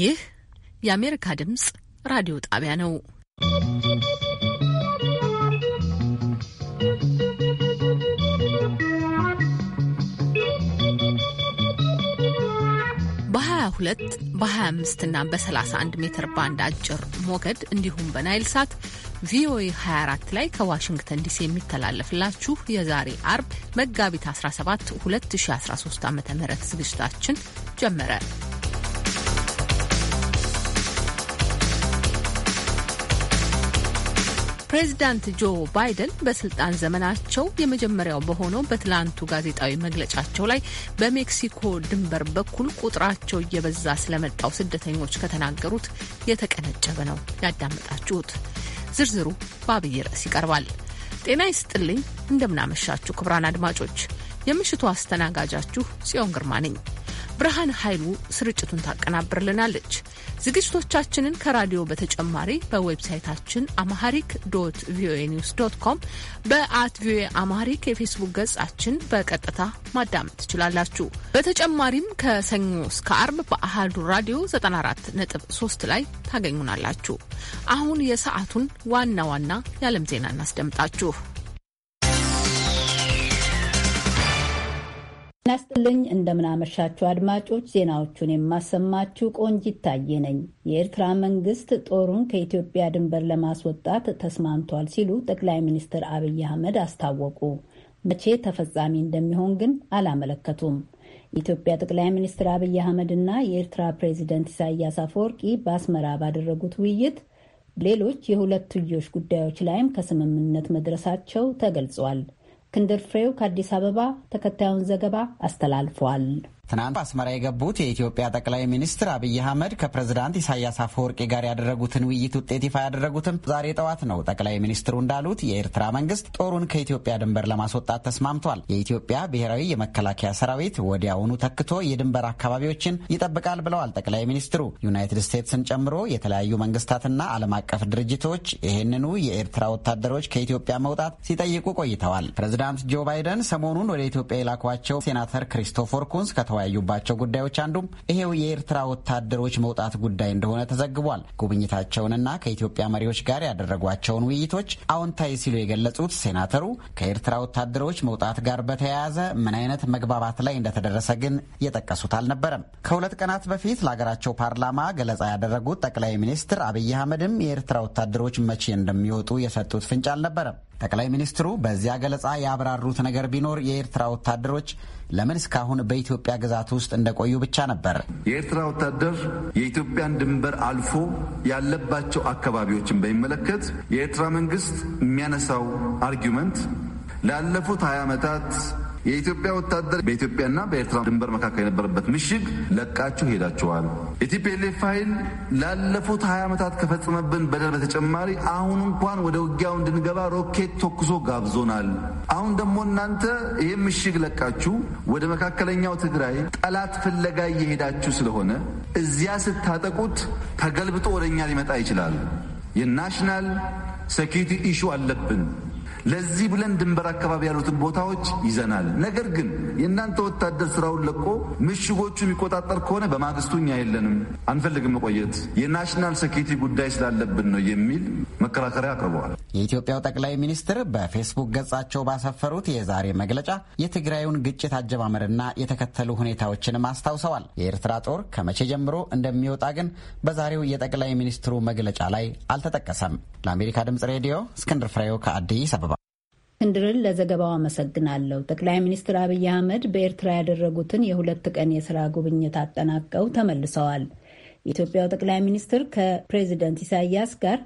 ይህ የአሜሪካ ድምፅ ራዲዮ ጣቢያ ነው። በ22 በ25 እና በ31 ሜትር ባንድ አጭር ሞገድ እንዲሁም በናይል ሳት ቪኦኤ 24 ላይ ከዋሽንግተን ዲሲ የሚተላለፍላችሁ የዛሬ አርብ መጋቢት 17 2013 ዓ ም ዝግጅታችን ጀመረ። ፕሬዚዳንት ጆ ባይደን በስልጣን ዘመናቸው የመጀመሪያው በሆነው በትላንቱ ጋዜጣዊ መግለጫቸው ላይ በሜክሲኮ ድንበር በኩል ቁጥራቸው እየበዛ ስለመጣው ስደተኞች ከተናገሩት የተቀነጨበ ነው ያዳመጣችሁት። ዝርዝሩ በአብይ ርዕስ ይቀርባል። ጤና ይስጥልኝ፣ እንደምናመሻችሁ ክቡራን አድማጮች፣ የምሽቱ አስተናጋጃችሁ ጽዮን ግርማ ነኝ። ብርሃን ኃይሉ ስርጭቱን ታቀናብርልናለች። ዝግጅቶቻችንን ከራዲዮ በተጨማሪ በዌብሳይታችን አማሃሪክ ዶት ቪኦኤ ኒውስ ዶት ኮም፣ በአት ቪኦኤ አማሃሪክ የፌስቡክ ገጻችን በቀጥታ ማዳመጥ ትችላላችሁ። በተጨማሪም ከሰኞ እስከ አርብ በአህዱ ራዲዮ 94.3 ላይ ታገኙናላችሁ። አሁን የሰዓቱን ዋና ዋና የዓለም ዜና እናስደምጣችሁ። ናስጥልኝ እንደምናመሻችሁ አድማጮች፣ ዜናዎቹን የማሰማችሁ ቆንጅ ይታየ ነኝ። የኤርትራ መንግስት ጦሩን ከኢትዮጵያ ድንበር ለማስወጣት ተስማምቷል ሲሉ ጠቅላይ ሚኒስትር አብይ አህመድ አስታወቁ። መቼ ተፈጻሚ እንደሚሆን ግን አላመለከቱም። የኢትዮጵያ ጠቅላይ ሚኒስትር አብይ አህመድ እና የኤርትራ ፕሬዚደንት ኢሳያስ አፈወርቂ በአስመራ ባደረጉት ውይይት ሌሎች የሁለትዮሽ ጉዳዮች ላይም ከስምምነት መድረሳቸው ተገልጿል። እስክንድር ፍሬው ከአዲስ አበባ ተከታዩን ዘገባ አስተላልፏል። ትናንት አስመራ የገቡት የኢትዮጵያ ጠቅላይ ሚኒስትር አብይ አህመድ ከፕሬዝዳንት ኢሳያስ አፈወርቂ ጋር ያደረጉትን ውይይት ውጤት ይፋ ያደረጉትም ዛሬ ጠዋት ነው። ጠቅላይ ሚኒስትሩ እንዳሉት የኤርትራ መንግስት ጦሩን ከኢትዮጵያ ድንበር ለማስወጣት ተስማምቷል። የኢትዮጵያ ብሔራዊ የመከላከያ ሰራዊት ወዲያውኑ ተክቶ የድንበር አካባቢዎችን ይጠብቃል ብለዋል ጠቅላይ ሚኒስትሩ። ዩናይትድ ስቴትስን ጨምሮ የተለያዩ መንግስታትና ዓለም አቀፍ ድርጅቶች ይህንኑ የኤርትራ ወታደሮች ከኢትዮጵያ መውጣት ሲጠይቁ ቆይተዋል። ፕሬዝዳንት ጆ ባይደን ሰሞኑን ወደ ኢትዮጵያ የላኳቸው ሴናተር ክሪስቶፈር ኩንስ ከተ ከተወያዩባቸው ጉዳዮች አንዱም ይሄው የኤርትራ ወታደሮች መውጣት ጉዳይ እንደሆነ ተዘግቧል። ጉብኝታቸውንና ከኢትዮጵያ መሪዎች ጋር ያደረጓቸውን ውይይቶች አዎንታዊ ሲሉ የገለጹት ሴናተሩ ከኤርትራ ወታደሮች መውጣት ጋር በተያያዘ ምን አይነት መግባባት ላይ እንደተደረሰ ግን የጠቀሱት አልነበረም። ከሁለት ቀናት በፊት ለሀገራቸው ፓርላማ ገለጻ ያደረጉት ጠቅላይ ሚኒስትር አብይ አህመድም የኤርትራ ወታደሮች መቼ እንደሚወጡ የሰጡት ፍንጭ አልነበረም። ጠቅላይ ሚኒስትሩ በዚያ ገለጻ ያብራሩት ነገር ቢኖር የኤርትራ ወታደሮች ለምን እስካሁን በኢትዮጵያ ግዛት ውስጥ እንደቆዩ ብቻ ነበር። የኤርትራ ወታደር የኢትዮጵያን ድንበር አልፎ ያለባቸው አካባቢዎችን በሚመለከት የኤርትራ መንግስት የሚያነሳው አርጊመንት ላለፉት 20 ዓመታት የኢትዮጵያ ወታደር በኢትዮጵያና በኤርትራ ድንበር መካከል የነበረበት ምሽግ ለቃችሁ ሄዳችኋል። የቲፒኤልኤፍ ኃይል ላለፉት ሀያ ዓመታት ከፈጸመብን በደል በተጨማሪ አሁን እንኳን ወደ ውጊያው እንድንገባ ሮኬት ተኩሶ ጋብዞናል። አሁን ደግሞ እናንተ ይህም ምሽግ ለቃችሁ ወደ መካከለኛው ትግራይ ጠላት ፍለጋ እየሄዳችሁ ስለሆነ እዚያ ስታጠቁት ተገልብጦ ወደኛ ሊመጣ ይችላል። የናሽናል ሴኪሪቲ ኢሹ አለብን። ለዚህ ብለን ድንበር አካባቢ ያሉትን ቦታዎች ይዘናል። ነገር ግን የእናንተ ወታደር ስራውን ለቆ ምሽጎቹ የሚቆጣጠር ከሆነ በማግስቱ እኛ የለንም፣ አንፈልግም መቆየት የናሽናል ሴኪሪቲ ጉዳይ ስላለብን ነው የሚል መከራከሪያ አቅርበዋል። የኢትዮጵያው ጠቅላይ ሚኒስትር በፌስቡክ ገጻቸው ባሰፈሩት የዛሬ መግለጫ የትግራዩን ግጭት አጀማመርና የተከተሉ ሁኔታዎችንም አስታውሰዋል። የኤርትራ ጦር ከመቼ ጀምሮ እንደሚወጣ ግን በዛሬው የጠቅላይ ሚኒስትሩ መግለጫ ላይ አልተጠቀሰም። ለአሜሪካ ድምጽ ሬዲዮ እስክንድር ፍሬው ከአዲስ አበባ። እስክንድርን ለዘገባው አመሰግናለሁ። ጠቅላይ ሚኒስትር አብይ አህመድ በኤርትራ ያደረጉትን የሁለት ቀን የስራ ጉብኝት አጠናቀው ተመልሰዋል። የኢትዮጵያው ጠቅላይ ሚኒስትር ከፕሬዚደንት ኢሳያስ ጋር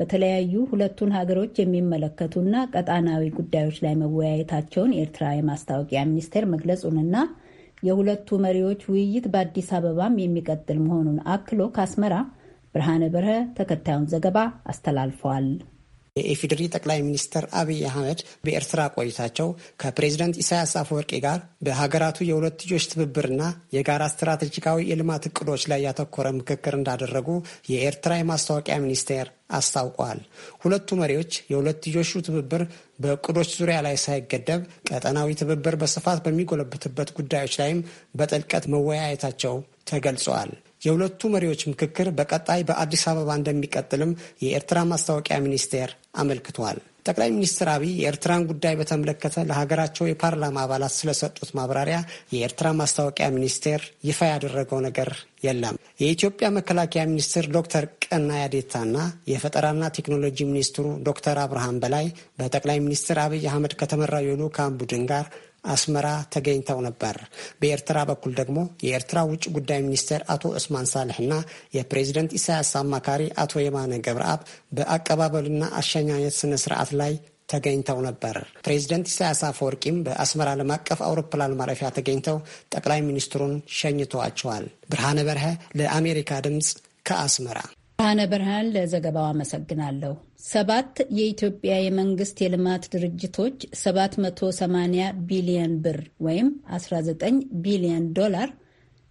በተለያዩ ሁለቱን ሀገሮች የሚመለከቱና ቀጣናዊ ጉዳዮች ላይ መወያየታቸውን የኤርትራ የማስታወቂያ ሚኒስቴር መግለጹንና የሁለቱ መሪዎች ውይይት በአዲስ አበባም የሚቀጥል መሆኑን አክሎ ከአስመራ ብርሃነ በረሀ ተከታዩን ዘገባ አስተላልፈዋል። የኢፌዴሪ ጠቅላይ ሚኒስትር አብይ አህመድ በኤርትራ ቆይታቸው ከፕሬዝደንት ኢሳያስ አፈወርቂ ጋር በሀገራቱ የሁለትዮሽ ትብብርና የጋራ ስትራቴጂካዊ የልማት እቅዶች ላይ ያተኮረ ምክክር እንዳደረጉ የኤርትራ የማስታወቂያ ሚኒስቴር አስታውቀዋል። ሁለቱ መሪዎች የሁለትዮሹ ትብብር በእቅዶች ዙሪያ ላይ ሳይገደብ ቀጠናዊ ትብብር በስፋት በሚጎለብትበት ጉዳዮች ላይም በጥልቀት መወያየታቸው ተገልጿል። የሁለቱ መሪዎች ምክክር በቀጣይ በአዲስ አበባ እንደሚቀጥልም የኤርትራ ማስታወቂያ ሚኒስቴር አመልክቷል። ጠቅላይ ሚኒስትር አብይ የኤርትራን ጉዳይ በተመለከተ ለሀገራቸው የፓርላማ አባላት ስለሰጡት ማብራሪያ የኤርትራ ማስታወቂያ ሚኒስቴር ይፋ ያደረገው ነገር የለም። የኢትዮጵያ መከላከያ ሚኒስትር ዶክተር ቀና ያዴታና የፈጠራና ቴክኖሎጂ ሚኒስትሩ ዶክተር አብርሃም በላይ በጠቅላይ ሚኒስትር አብይ አህመድ ከተመራው የልዑካን ቡድን ጋር አስመራ ተገኝተው ነበር። በኤርትራ በኩል ደግሞ የኤርትራ ውጭ ጉዳይ ሚኒስቴር አቶ ዑስማን ሳልሕና የፕሬዚደንት ኢሳያስ አማካሪ አቶ የማነ ገብረአብ በአቀባበልና አሸኛኘት ስነ ስርዓት ላይ ተገኝተው ነበር። ፕሬዚደንት ኢሳያስ አፈወርቂም በአስመራ ዓለም አቀፍ አውሮፕላን ማረፊያ ተገኝተው ጠቅላይ ሚኒስትሩን ሸኝተዋቸዋል። ብርሃነ በርሀ ለአሜሪካ ድምፅ ከአስመራ። ብርሃነ በርሃን ለዘገባው አመሰግናለሁ። ሰባት የኢትዮጵያ የመንግስት የልማት ድርጅቶች 780 ቢሊዮን ብር ወይም 19 ቢሊዮን ዶላር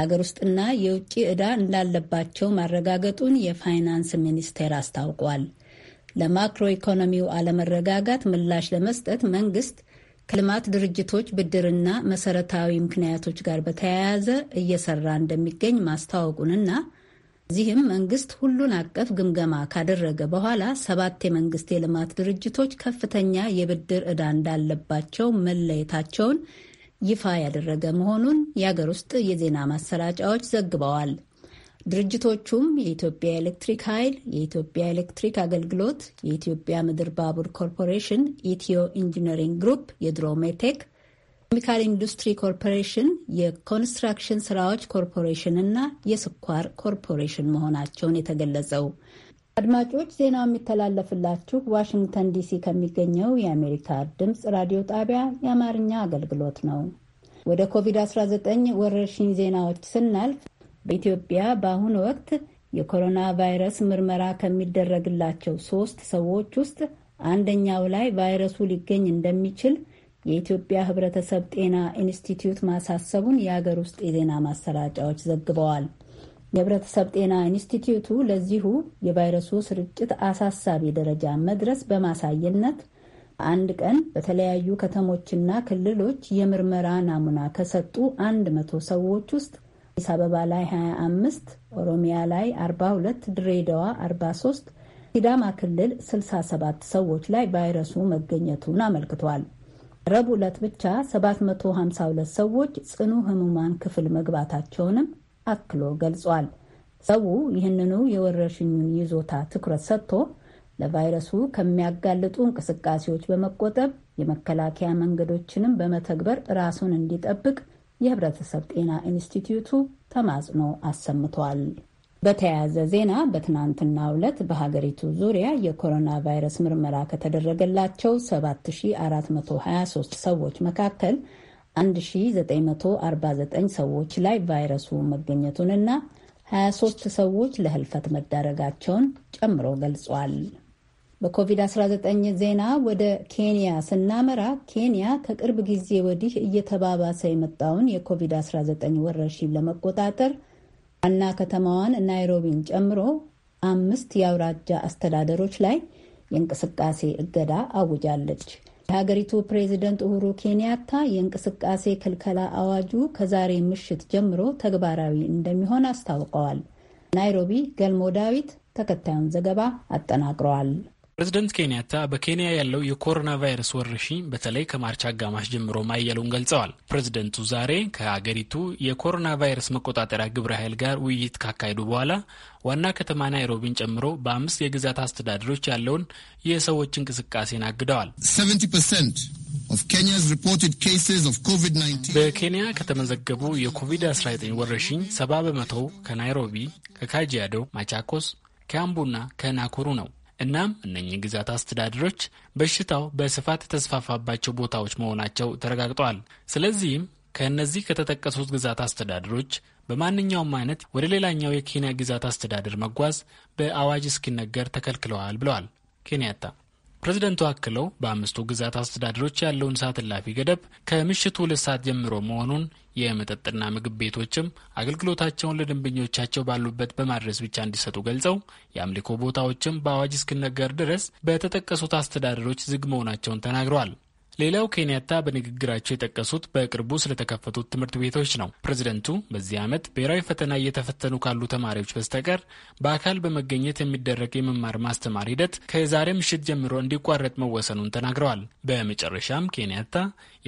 አገር ውስጥና የውጭ ዕዳ እንዳለባቸው ማረጋገጡን የፋይናንስ ሚኒስቴር አስታውቋል። ለማክሮ ኢኮኖሚው አለመረጋጋት ምላሽ ለመስጠት መንግስት ከልማት ድርጅቶች ብድርና መሰረታዊ ምክንያቶች ጋር በተያያዘ እየሰራ እንደሚገኝ ማስታወቁንና እዚህም መንግስት ሁሉን አቀፍ ግምገማ ካደረገ በኋላ ሰባት የመንግስት የልማት ድርጅቶች ከፍተኛ የብድር ዕዳ እንዳለባቸው መለየታቸውን ይፋ ያደረገ መሆኑን የአገር ውስጥ የዜና ማሰራጫዎች ዘግበዋል። ድርጅቶቹም የኢትዮጵያ ኤሌክትሪክ ኃይል፣ የኢትዮጵያ ኤሌክትሪክ አገልግሎት፣ የኢትዮጵያ ምድር ባቡር ኮርፖሬሽን፣ ኢትዮ ኢንጂነሪንግ ግሩፕ፣ የድሮሜቴክ ኬሚካል ኢንዱስትሪ ኮርፖሬሽን፣ የኮንስትራክሽን ስራዎች ኮርፖሬሽን እና የስኳር ኮርፖሬሽን መሆናቸውን የተገለጸው። አድማጮች ዜናው የሚተላለፍላችሁ ዋሽንግተን ዲሲ ከሚገኘው የአሜሪካ ድምፅ ራዲዮ ጣቢያ የአማርኛ አገልግሎት ነው። ወደ ኮቪድ-19 ወረርሽኝ ዜናዎች ስናልፍ በኢትዮጵያ በአሁኑ ወቅት የኮሮና ቫይረስ ምርመራ ከሚደረግላቸው ሶስት ሰዎች ውስጥ አንደኛው ላይ ቫይረሱ ሊገኝ እንደሚችል የኢትዮጵያ ሕብረተሰብ ጤና ኢንስቲትዩት ማሳሰቡን የሀገር ውስጥ የዜና ማሰራጫዎች ዘግበዋል። የህብረተሰብ ጤና ኢንስቲትዩቱ ለዚሁ የቫይረሱ ስርጭት አሳሳቢ ደረጃ መድረስ በማሳየነት አንድ ቀን በተለያዩ ከተሞችና ክልሎች የምርመራ ናሙና ከሰጡ 100 ሰዎች ውስጥ አዲስ አበባ ላይ 25፣ ኦሮሚያ ላይ 42፣ ድሬዳዋ 43፣ ሲዳማ ክልል 67 ሰዎች ላይ ቫይረሱ መገኘቱን አመልክቷል። ረቡዕ ዕለት ብቻ 752 ሰዎች ጽኑ ህሙማን ክፍል መግባታቸውንም አክሎ ገልጿል። ሰው ይህንኑ የወረርሽኙን ይዞታ ትኩረት ሰጥቶ ለቫይረሱ ከሚያጋልጡ እንቅስቃሴዎች በመቆጠብ የመከላከያ መንገዶችንም በመተግበር ራሱን እንዲጠብቅ የህብረተሰብ ጤና ኢንስቲትዩቱ ተማጽኖ አሰምቷል። በተያያዘ ዜና በትናንትናው ዕለት በሀገሪቱ ዙሪያ የኮሮና ቫይረስ ምርመራ ከተደረገላቸው 7423 ሰዎች መካከል 1949 ሰዎች ላይ ቫይረሱ መገኘቱንና 23 ሰዎች ለህልፈት መዳረጋቸውን ጨምሮ ገልጿል። በኮቪድ-19 ዜና ወደ ኬንያ ስናመራ ኬንያ ከቅርብ ጊዜ ወዲህ እየተባባሰ የመጣውን የኮቪድ-19 ወረርሽኝ ለመቆጣጠር ዋና ከተማዋን ናይሮቢን ጨምሮ አምስት የአውራጃ አስተዳደሮች ላይ የእንቅስቃሴ እገዳ አውጃለች። የሀገሪቱ ፕሬዚደንት ኡሁሩ ኬንያታ የእንቅስቃሴ ክልከላ አዋጁ ከዛሬ ምሽት ጀምሮ ተግባራዊ እንደሚሆን አስታውቀዋል። ናይሮቢ ገልሞ ዳዊት ተከታዩን ዘገባ አጠናቅረዋል። ፕሬዚደንት ኬንያታ በኬንያ ያለው የኮሮና ቫይረስ ወረርሽኝ በተለይ ከማርች አጋማሽ ጀምሮ ማየሉን ገልጸዋል። ፕሬዚደንቱ ዛሬ ከሀገሪቱ የኮሮና ቫይረስ መቆጣጠሪያ ግብረ ኃይል ጋር ውይይት ካካሄዱ በኋላ ዋና ከተማ ናይሮቢን ጨምሮ በአምስት የግዛት አስተዳደሮች ያለውን የሰዎች እንቅስቃሴን አግደዋል። በኬንያ ከተመዘገቡ የኮቪድ-19 ወረርሽኝ ሰባ በመቶው ከናይሮቢ፣ ከካጂያዶ፣ ማቻኮስ፣ ከአምቡና ከናኩሩ ነው። እናም እነኚህ ግዛት አስተዳደሮች በሽታው በስፋት የተስፋፋባቸው ቦታዎች መሆናቸው ተረጋግጠዋል። ስለዚህም ከእነዚህ ከተጠቀሱት ግዛት አስተዳደሮች በማንኛውም አይነት ወደ ሌላኛው የኬንያ ግዛት አስተዳደር መጓዝ በአዋጅ እስኪነገር ተከልክለዋል ብለዋል ኬንያታ። ፕሬዚደንቱ አክለው በአምስቱ ግዛት አስተዳደሮች ያለውን ሰዓት እላፊ ገደብ ከምሽቱ ሁለት ሰዓት ጀምሮ መሆኑን የመጠጥና ምግብ ቤቶችም አገልግሎታቸውን ለደንበኞቻቸው ባሉበት በማድረስ ብቻ እንዲሰጡ ገልጸው የአምልኮ ቦታዎችም በአዋጅ እስክነገር ድረስ በተጠቀሱት አስተዳደሮች ዝግ መሆናቸውን ተናግረዋል። ሌላው ኬንያታ በንግግራቸው የጠቀሱት በቅርቡ ስለተከፈቱት ትምህርት ቤቶች ነው። ፕሬዚደንቱ በዚህ ዓመት ብሔራዊ ፈተና እየተፈተኑ ካሉ ተማሪዎች በስተቀር በአካል በመገኘት የሚደረግ የመማር ማስተማር ሂደት ከዛሬ ምሽት ጀምሮ እንዲቋረጥ መወሰኑን ተናግረዋል። በመጨረሻም ኬንያታ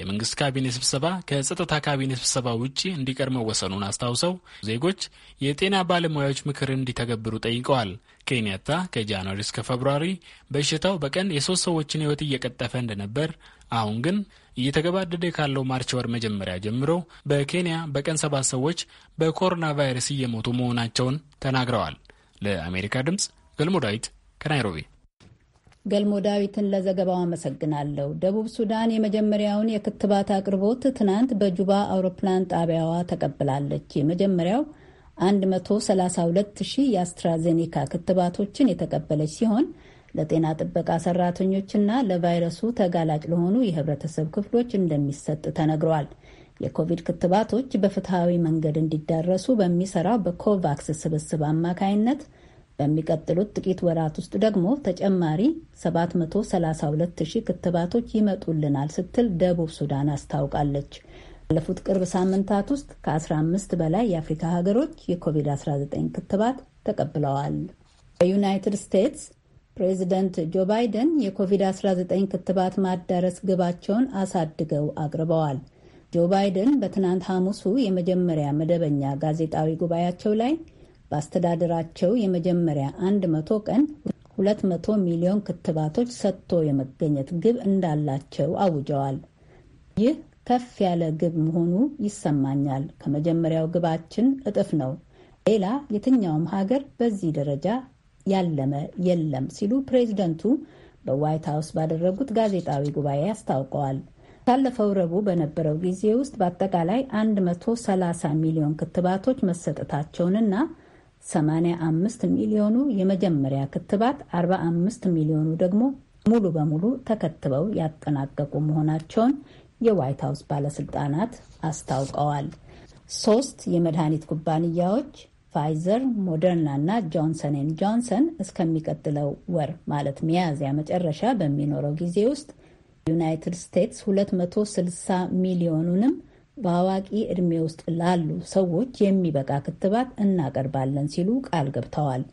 የመንግስት ካቢኔ ስብሰባ ከጸጥታ ካቢኔ ስብሰባ ውጭ እንዲቀር መወሰኑን አስታውሰው ዜጎች የጤና ባለሙያዎች ምክር እንዲተገብሩ ጠይቀዋል። ኬንያታ ከጃንዋሪ እስከ ፌብሯሪ በሽታው በቀን የሶስት ሰዎችን ሕይወት እየቀጠፈ እንደነበር አሁን ግን እየተገባደደ ካለው ማርች ወር መጀመሪያ ጀምሮ በኬንያ በቀን ሰባት ሰዎች በኮሮና ቫይረስ እየሞቱ መሆናቸውን ተናግረዋል። ለአሜሪካ ድምፅ ገልሞ ዳዊት ከናይሮቢ። ገልሞ ዳዊትን ለዘገባው አመሰግናለሁ። ደቡብ ሱዳን የመጀመሪያውን የክትባት አቅርቦት ትናንት በጁባ አውሮፕላን ጣቢያዋ ተቀብላለች። የመጀመሪያው 132 ሺህ የአስትራዜኔካ ክትባቶችን የተቀበለች ሲሆን ለጤና ጥበቃ ሰራተኞችና ለቫይረሱ ተጋላጭ ለሆኑ የህብረተሰብ ክፍሎች እንደሚሰጥ ተነግሯል። የኮቪድ ክትባቶች በፍትሐዊ መንገድ እንዲዳረሱ በሚሰራው በኮቫክስ ስብስብ አማካይነት በሚቀጥሉት ጥቂት ወራት ውስጥ ደግሞ ተጨማሪ 732,000 ክትባቶች ይመጡልናል ስትል ደቡብ ሱዳን አስታውቃለች። ባለፉት ቅርብ ሳምንታት ውስጥ ከ15 በላይ የአፍሪካ ሀገሮች የኮቪድ-19 ክትባት ተቀብለዋል። በዩናይትድ ስቴትስ ፕሬዚደንት ጆ ባይደን የኮቪድ-19 ክትባት ማዳረስ ግባቸውን አሳድገው አቅርበዋል። ጆ ባይደን በትናንት ሐሙሱ የመጀመሪያ መደበኛ ጋዜጣዊ ጉባኤያቸው ላይ በአስተዳደራቸው የመጀመሪያ 100 ቀን 200 ሚሊዮን ክትባቶች ሰጥቶ የመገኘት ግብ እንዳላቸው አውጀዋል። ይህ ከፍ ያለ ግብ መሆኑ ይሰማኛል። ከመጀመሪያው ግባችን እጥፍ ነው። ሌላ የትኛውም ሀገር በዚህ ደረጃ ያለመ የለም ሲሉ ፕሬዚደንቱ በዋይት ሀውስ ባደረጉት ጋዜጣዊ ጉባኤ አስታውቀዋል። ካለፈው ረቡዕ በነበረው ጊዜ ውስጥ በአጠቃላይ 130 ሚሊዮን ክትባቶች መሰጠታቸውንና 85 ሚሊዮኑ የመጀመሪያ ክትባት፣ 45 ሚሊዮኑ ደግሞ ሙሉ በሙሉ ተከትበው ያጠናቀቁ መሆናቸውን የዋይት ሀውስ ባለስልጣናት አስታውቀዋል። ሶስት የመድኃኒት ኩባንያዎች ፋይዘር፣ ሞደርና እና ጆንሰን ኤን ጆንሰን እስከሚቀጥለው ወር ማለት ሚያዝያ መጨረሻ በሚኖረው ጊዜ ውስጥ ዩናይትድ ስቴትስ 260 ሚሊዮኑንም በአዋቂ ዕድሜ ውስጥ ላሉ ሰዎች የሚበቃ ክትባት እናቀርባለን ሲሉ ቃል ገብተዋል።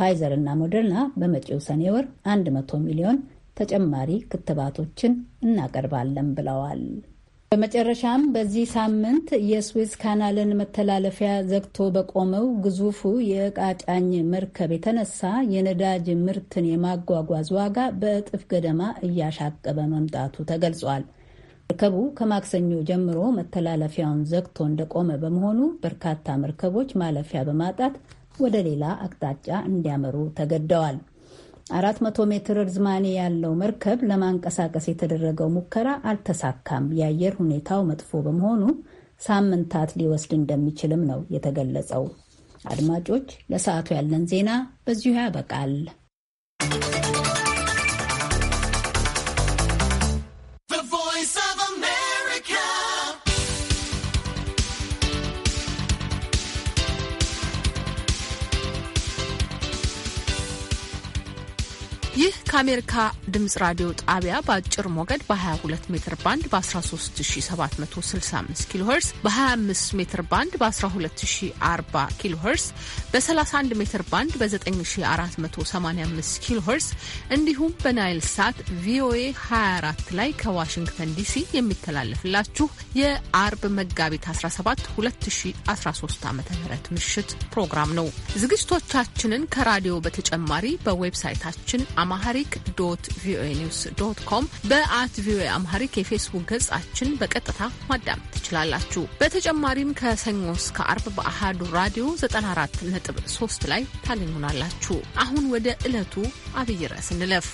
ፋይዘር እና ሞደርና በመጪው ሰኔ ወር 100 ሚሊዮን ተጨማሪ ክትባቶችን እናቀርባለን ብለዋል። በመጨረሻም በዚህ ሳምንት የስዊዝ ካናልን መተላለፊያ ዘግቶ በቆመው ግዙፉ የእቃ ጫኝ መርከብ የተነሳ የነዳጅ ምርትን የማጓጓዝ ዋጋ በእጥፍ ገደማ እያሻቀበ መምጣቱ ተገልጿል። መርከቡ ከማክሰኞ ጀምሮ መተላለፊያውን ዘግቶ እንደቆመ በመሆኑ በርካታ መርከቦች ማለፊያ በማጣት ወደ ሌላ አቅጣጫ እንዲያመሩ ተገደዋል። 400 ሜትር ርዝማኔ ያለው መርከብ ለማንቀሳቀስ የተደረገው ሙከራ አልተሳካም። የአየር ሁኔታው መጥፎ በመሆኑ ሳምንታት ሊወስድ እንደሚችልም ነው የተገለጸው። አድማጮች፣ ለሰዓቱ ያለን ዜና በዚሁ ያበቃል። ከአሜሪካ ድምጽ ራዲዮ ጣቢያ በአጭር ሞገድ በ22 ሜትር ባንድ በ13765 ኪሎ ሄርስ በ25 ሜትር ባንድ በ1240 ኪሎ ሄርስ በ31 ሜትር ባንድ በ9485 ኪሎ ሄርስ እንዲሁም በናይል ሳት ቪኦኤ 24 ላይ ከዋሽንግተን ዲሲ የሚተላለፍላችሁ የአርብ መጋቢት 17 2013 ዓ.ም ምሽት ፕሮግራም ነው። ዝግጅቶቻችንን ከራዲዮ በተጨማሪ በዌብሳይታችን አማሃሪ አምሃሪክ ዶት ቪኦኤ ኒውስ ዶት ኮም በአት ቪኦኤ አምሃሪክ የፌስቡክ ገጻችን በቀጥታ ማዳመጥ ትችላላችሁ። በተጨማሪም ከሰኞ እስከ አርብ በአሃዱ ራዲዮ 3 ላይ ታገኙናላችሁ። አሁን ወደ ዕለቱ አብይ ርዕስ እንለፍ።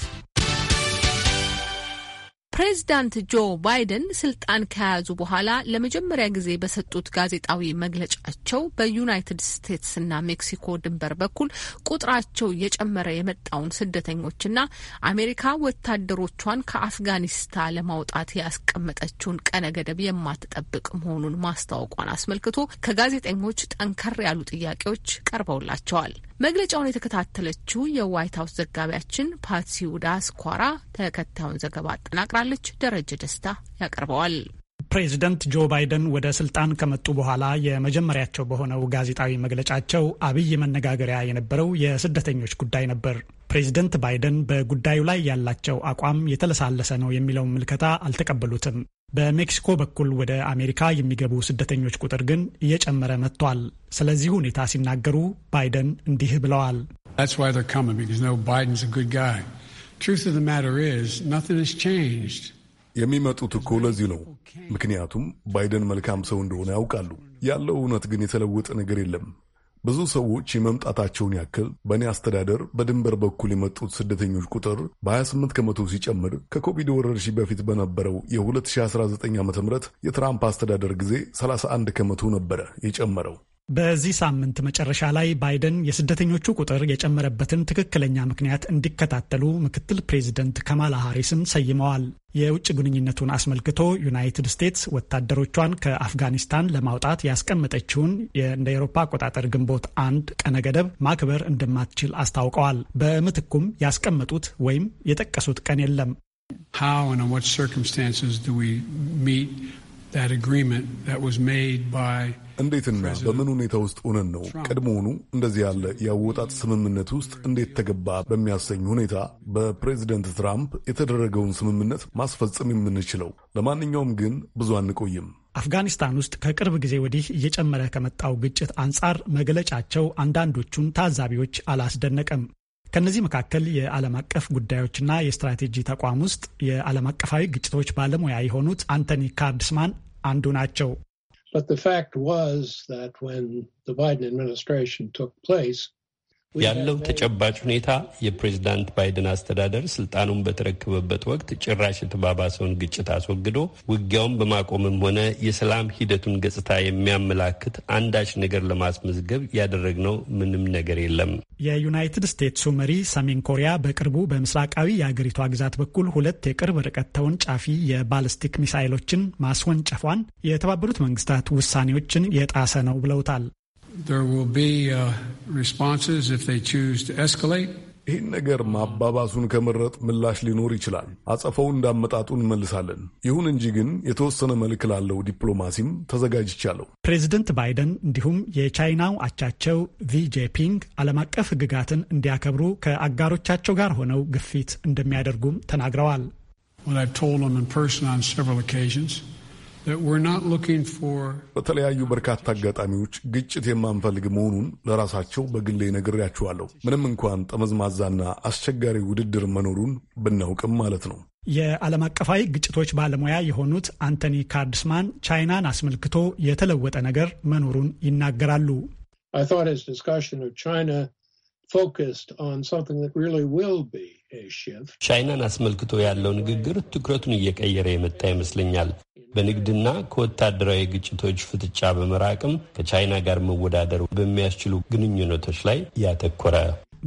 ፕሬዚዳንት ጆ ባይደን ስልጣን ከያዙ በኋላ ለመጀመሪያ ጊዜ በሰጡት ጋዜጣዊ መግለጫቸው በዩናይትድ ስቴትስና ሜክሲኮ ድንበር በኩል ቁጥራቸው የጨመረ የመጣውን ስደተኞችና አሜሪካ ወታደሮቿን ከአፍጋኒስታን ለማውጣት ያስቀመጠችውን ቀነ ገደብ የማትጠብቅ መሆኑን ማስታወቋን አስመልክቶ ከጋዜጠኞች ጠንከር ያሉ ጥያቄዎች ቀርበውላቸዋል። መግለጫውን የተከታተለችው የዋይት ሀውስ ዘጋቢያችን ፓትሲ ውዳስኳራ ተከታዩን ዘገባ አጠናቅራለች። ደረጀ ደስታ ያቀርበዋል። ፕሬዚደንት ጆ ባይደን ወደ ስልጣን ከመጡ በኋላ የመጀመሪያቸው በሆነው ጋዜጣዊ መግለጫቸው አብይ መነጋገሪያ የነበረው የስደተኞች ጉዳይ ነበር። ፕሬዚደንት ባይደን በጉዳዩ ላይ ያላቸው አቋም የተለሳለሰ ነው የሚለውን ምልከታ አልተቀበሉትም። በሜክሲኮ በኩል ወደ አሜሪካ የሚገቡ ስደተኞች ቁጥር ግን እየጨመረ መጥቷል። ስለዚህ ሁኔታ ሲናገሩ ባይደን እንዲህ ብለዋል። የሚመጡት እኮ ለዚህ ነው። ምክንያቱም ባይደን መልካም ሰው እንደሆነ ያውቃሉ። ያለው እውነት ግን የተለወጠ ነገር የለም። ብዙ ሰዎች የመምጣታቸውን ያክል በእኔ አስተዳደር በድንበር በኩል የመጡት ስደተኞች ቁጥር በ28 ከመቶ ሲጨምር ከኮቪድ ወረርሽኝ በፊት በነበረው የ2019 ዓ ም የትራምፕ አስተዳደር ጊዜ 31 ከመቶ ነበረ የጨመረው። በዚህ ሳምንት መጨረሻ ላይ ባይደን የስደተኞቹ ቁጥር የጨመረበትን ትክክለኛ ምክንያት እንዲከታተሉ ምክትል ፕሬዚደንት ከማላ ሃሪስን ሰይመዋል። የውጭ ግንኙነቱን አስመልክቶ ዩናይትድ ስቴትስ ወታደሮቿን ከአፍጋኒስታን ለማውጣት ያስቀመጠችውን እንደ ኤሮፓ አቆጣጠር ግንቦት አንድ ቀነ ገደብ ማክበር እንደማትችል አስታውቀዋል። በምትኩም ያስቀመጡት ወይም የጠቀሱት ቀን የለም። How and what circumstances do we meet እንዴትና በምን ሁኔታ ውስጥ ሆነን ነው ቀድሞውኑ እንደዚህ ያለ የአወጣጥ ስምምነት ውስጥ እንዴት ተገባ በሚያሰኝ ሁኔታ በፕሬዚደንት ትራምፕ የተደረገውን ስምምነት ማስፈጸም የምንችለው? ለማንኛውም ግን ብዙ አንቆይም። አፍጋኒስታን ውስጥ ከቅርብ ጊዜ ወዲህ እየጨመረ ከመጣው ግጭት አንጻር መግለጫቸው አንዳንዶቹን ታዛቢዎች አላስደነቀም። ከእነዚህ መካከል የዓለም አቀፍ ጉዳዮችና የስትራቴጂ ተቋም ውስጥ የዓለም አቀፋዊ ግጭቶች ባለሙያ የሆኑት አንቶኒ ካርድስማን አንዱ ናቸው። But the fact was that when the Biden administration took place, ያለው ተጨባጭ ሁኔታ የፕሬዚዳንት ባይደን አስተዳደር ስልጣኑን በተረከበበት ወቅት ጭራሽ የተባባሰውን ግጭት አስወግዶ ውጊያውን በማቆምም ሆነ የሰላም ሂደቱን ገጽታ የሚያመላክት አንዳች ነገር ለማስመዝገብ ያደረግነው ምንም ነገር የለም። የዩናይትድ ስቴትሱ መሪ ሰሜን ኮሪያ በቅርቡ በምስራቃዊ የአገሪቷ ግዛት በኩል ሁለት የቅርብ ርቀት ተወንጫፊ የባለስቲክ ሚሳይሎችን ማስወንጨፏን የተባበሩት መንግስታት ውሳኔዎችን የጣሰ ነው ብለውታል። There will be uh, responses if they choose to escalate. ይህን ነገር ማባባሱን ከመረጥ ምላሽ ሊኖር ይችላል። አጸፈው እንዳመጣጡ እንመልሳለን። ይሁን እንጂ ግን የተወሰነ መልክ ላለው ዲፕሎማሲም ተዘጋጅቻለሁ። ፕሬዚደንት ባይደን እንዲሁም የቻይናው አቻቸው ቪጄፒንግ ዓለም አቀፍ ሕግጋትን እንዲያከብሩ ከአጋሮቻቸው ጋር ሆነው ግፊት እንደሚያደርጉም ተናግረዋል። በተለያዩ በርካታ አጋጣሚዎች ግጭት የማንፈልግ መሆኑን ለራሳቸው በግሌ ነግሬያቸዋለሁ። ምንም እንኳን ጠመዝማዛና አስቸጋሪ ውድድር መኖሩን ብናውቅም ማለት ነው። የዓለም አቀፋዊ ግጭቶች ባለሙያ የሆኑት አንቶኒ ካርድስማን ቻይናን አስመልክቶ የተለወጠ ነገር መኖሩን ይናገራሉ። ቻይናን አስመልክቶ ያለው ንግግር ትኩረቱን እየቀየረ የመጣ ይመስለኛል። በንግድና ከወታደራዊ ግጭቶች ፍጥጫ በመራቅም ከቻይና ጋር መወዳደር በሚያስችሉ ግንኙነቶች ላይ ያተኮረ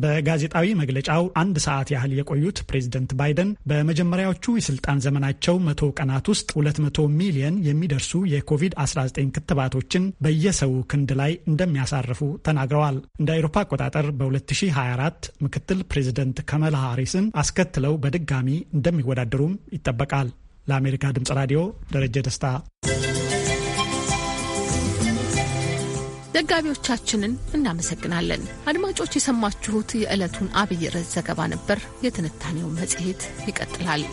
በጋዜጣዊ መግለጫው አንድ ሰዓት ያህል የቆዩት ፕሬዝደንት ባይደን በመጀመሪያዎቹ የስልጣን ዘመናቸው መቶ ቀናት ውስጥ 200 ሚሊየን የሚደርሱ የኮቪድ-19 ክትባቶችን በየሰው ክንድ ላይ እንደሚያሳርፉ ተናግረዋል። እንደ አውሮፓ አቆጣጠር በ2024 ምክትል ፕሬዝደንት ከመላ ሃሪስን አስከትለው በድጋሚ እንደሚወዳደሩም ይጠበቃል። ለአሜሪካ ድምፅ ራዲዮ ደረጀ ደስታ። ዘጋቢዎቻችንን እናመሰግናለን። አድማጮች የሰማችሁት የዕለቱን አብይ ርዕስ ዘገባ ነበር። የትንታኔው መጽሔት ይቀጥላል።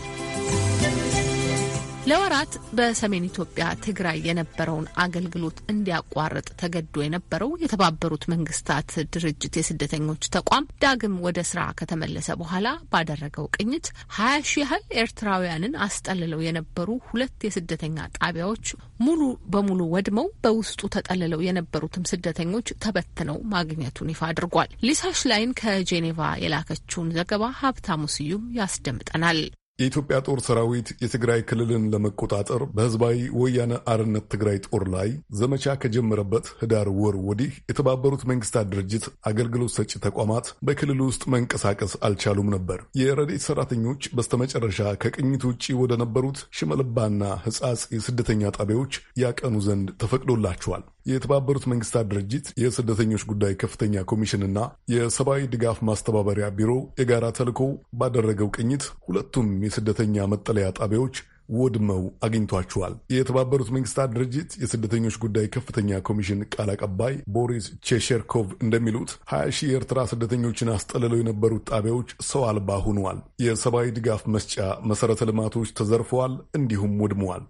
ለወራት በሰሜን ኢትዮጵያ ትግራይ የነበረውን አገልግሎት እንዲያቋርጥ ተገዶ የነበረው የተባበሩት መንግስታት ድርጅት የስደተኞች ተቋም ዳግም ወደ ስራ ከተመለሰ በኋላ ባደረገው ቅኝት ሀያ ሺህ ያህል ኤርትራውያንን አስጠልለው የነበሩ ሁለት የስደተኛ ጣቢያዎች ሙሉ በሙሉ ወድመው በውስጡ ተጠልለው የነበሩትም ስደተኞች ተበትነው ማግኘቱን ይፋ አድርጓል። ሊሳሽ ላይን ከጄኔቫ የላከችውን ዘገባ ሀብታሙ ስዩም ያስደምጠናል። የኢትዮጵያ ጦር ሰራዊት የትግራይ ክልልን ለመቆጣጠር በህዝባዊ ወያነ አርነት ትግራይ ጦር ላይ ዘመቻ ከጀመረበት ህዳር ወር ወዲህ የተባበሩት መንግስታት ድርጅት አገልግሎት ሰጪ ተቋማት በክልሉ ውስጥ መንቀሳቀስ አልቻሉም ነበር። የረዴት ሰራተኞች በስተመጨረሻ ከቅኝት ውጭ ወደ ነበሩት ሽመልባና ህጻጽ የስደተኛ ጣቢያዎች ያቀኑ ዘንድ ተፈቅዶላቸዋል። የተባበሩት መንግስታት ድርጅት የስደተኞች ጉዳይ ከፍተኛ ኮሚሽንና የሰብአዊ ድጋፍ ማስተባበሪያ ቢሮ የጋራ ተልዕኮ ባደረገው ቅኝት ሁለቱም የስደተኛ መጠለያ ጣቢያዎች ወድመው አግኝቷቸዋል። የተባበሩት መንግስታት ድርጅት የስደተኞች ጉዳይ ከፍተኛ ኮሚሽን ቃል አቀባይ ቦሪስ ቼሸርኮቭ እንደሚሉት ሀያ ሺህ የኤርትራ ስደተኞችን አስጠልለው የነበሩት ጣቢያዎች ሰው አልባ ሆነዋል። የሰብአዊ ድጋፍ መስጫ መሰረተ ልማቶች ተዘርፈዋል፣ እንዲሁም ወድመዋል።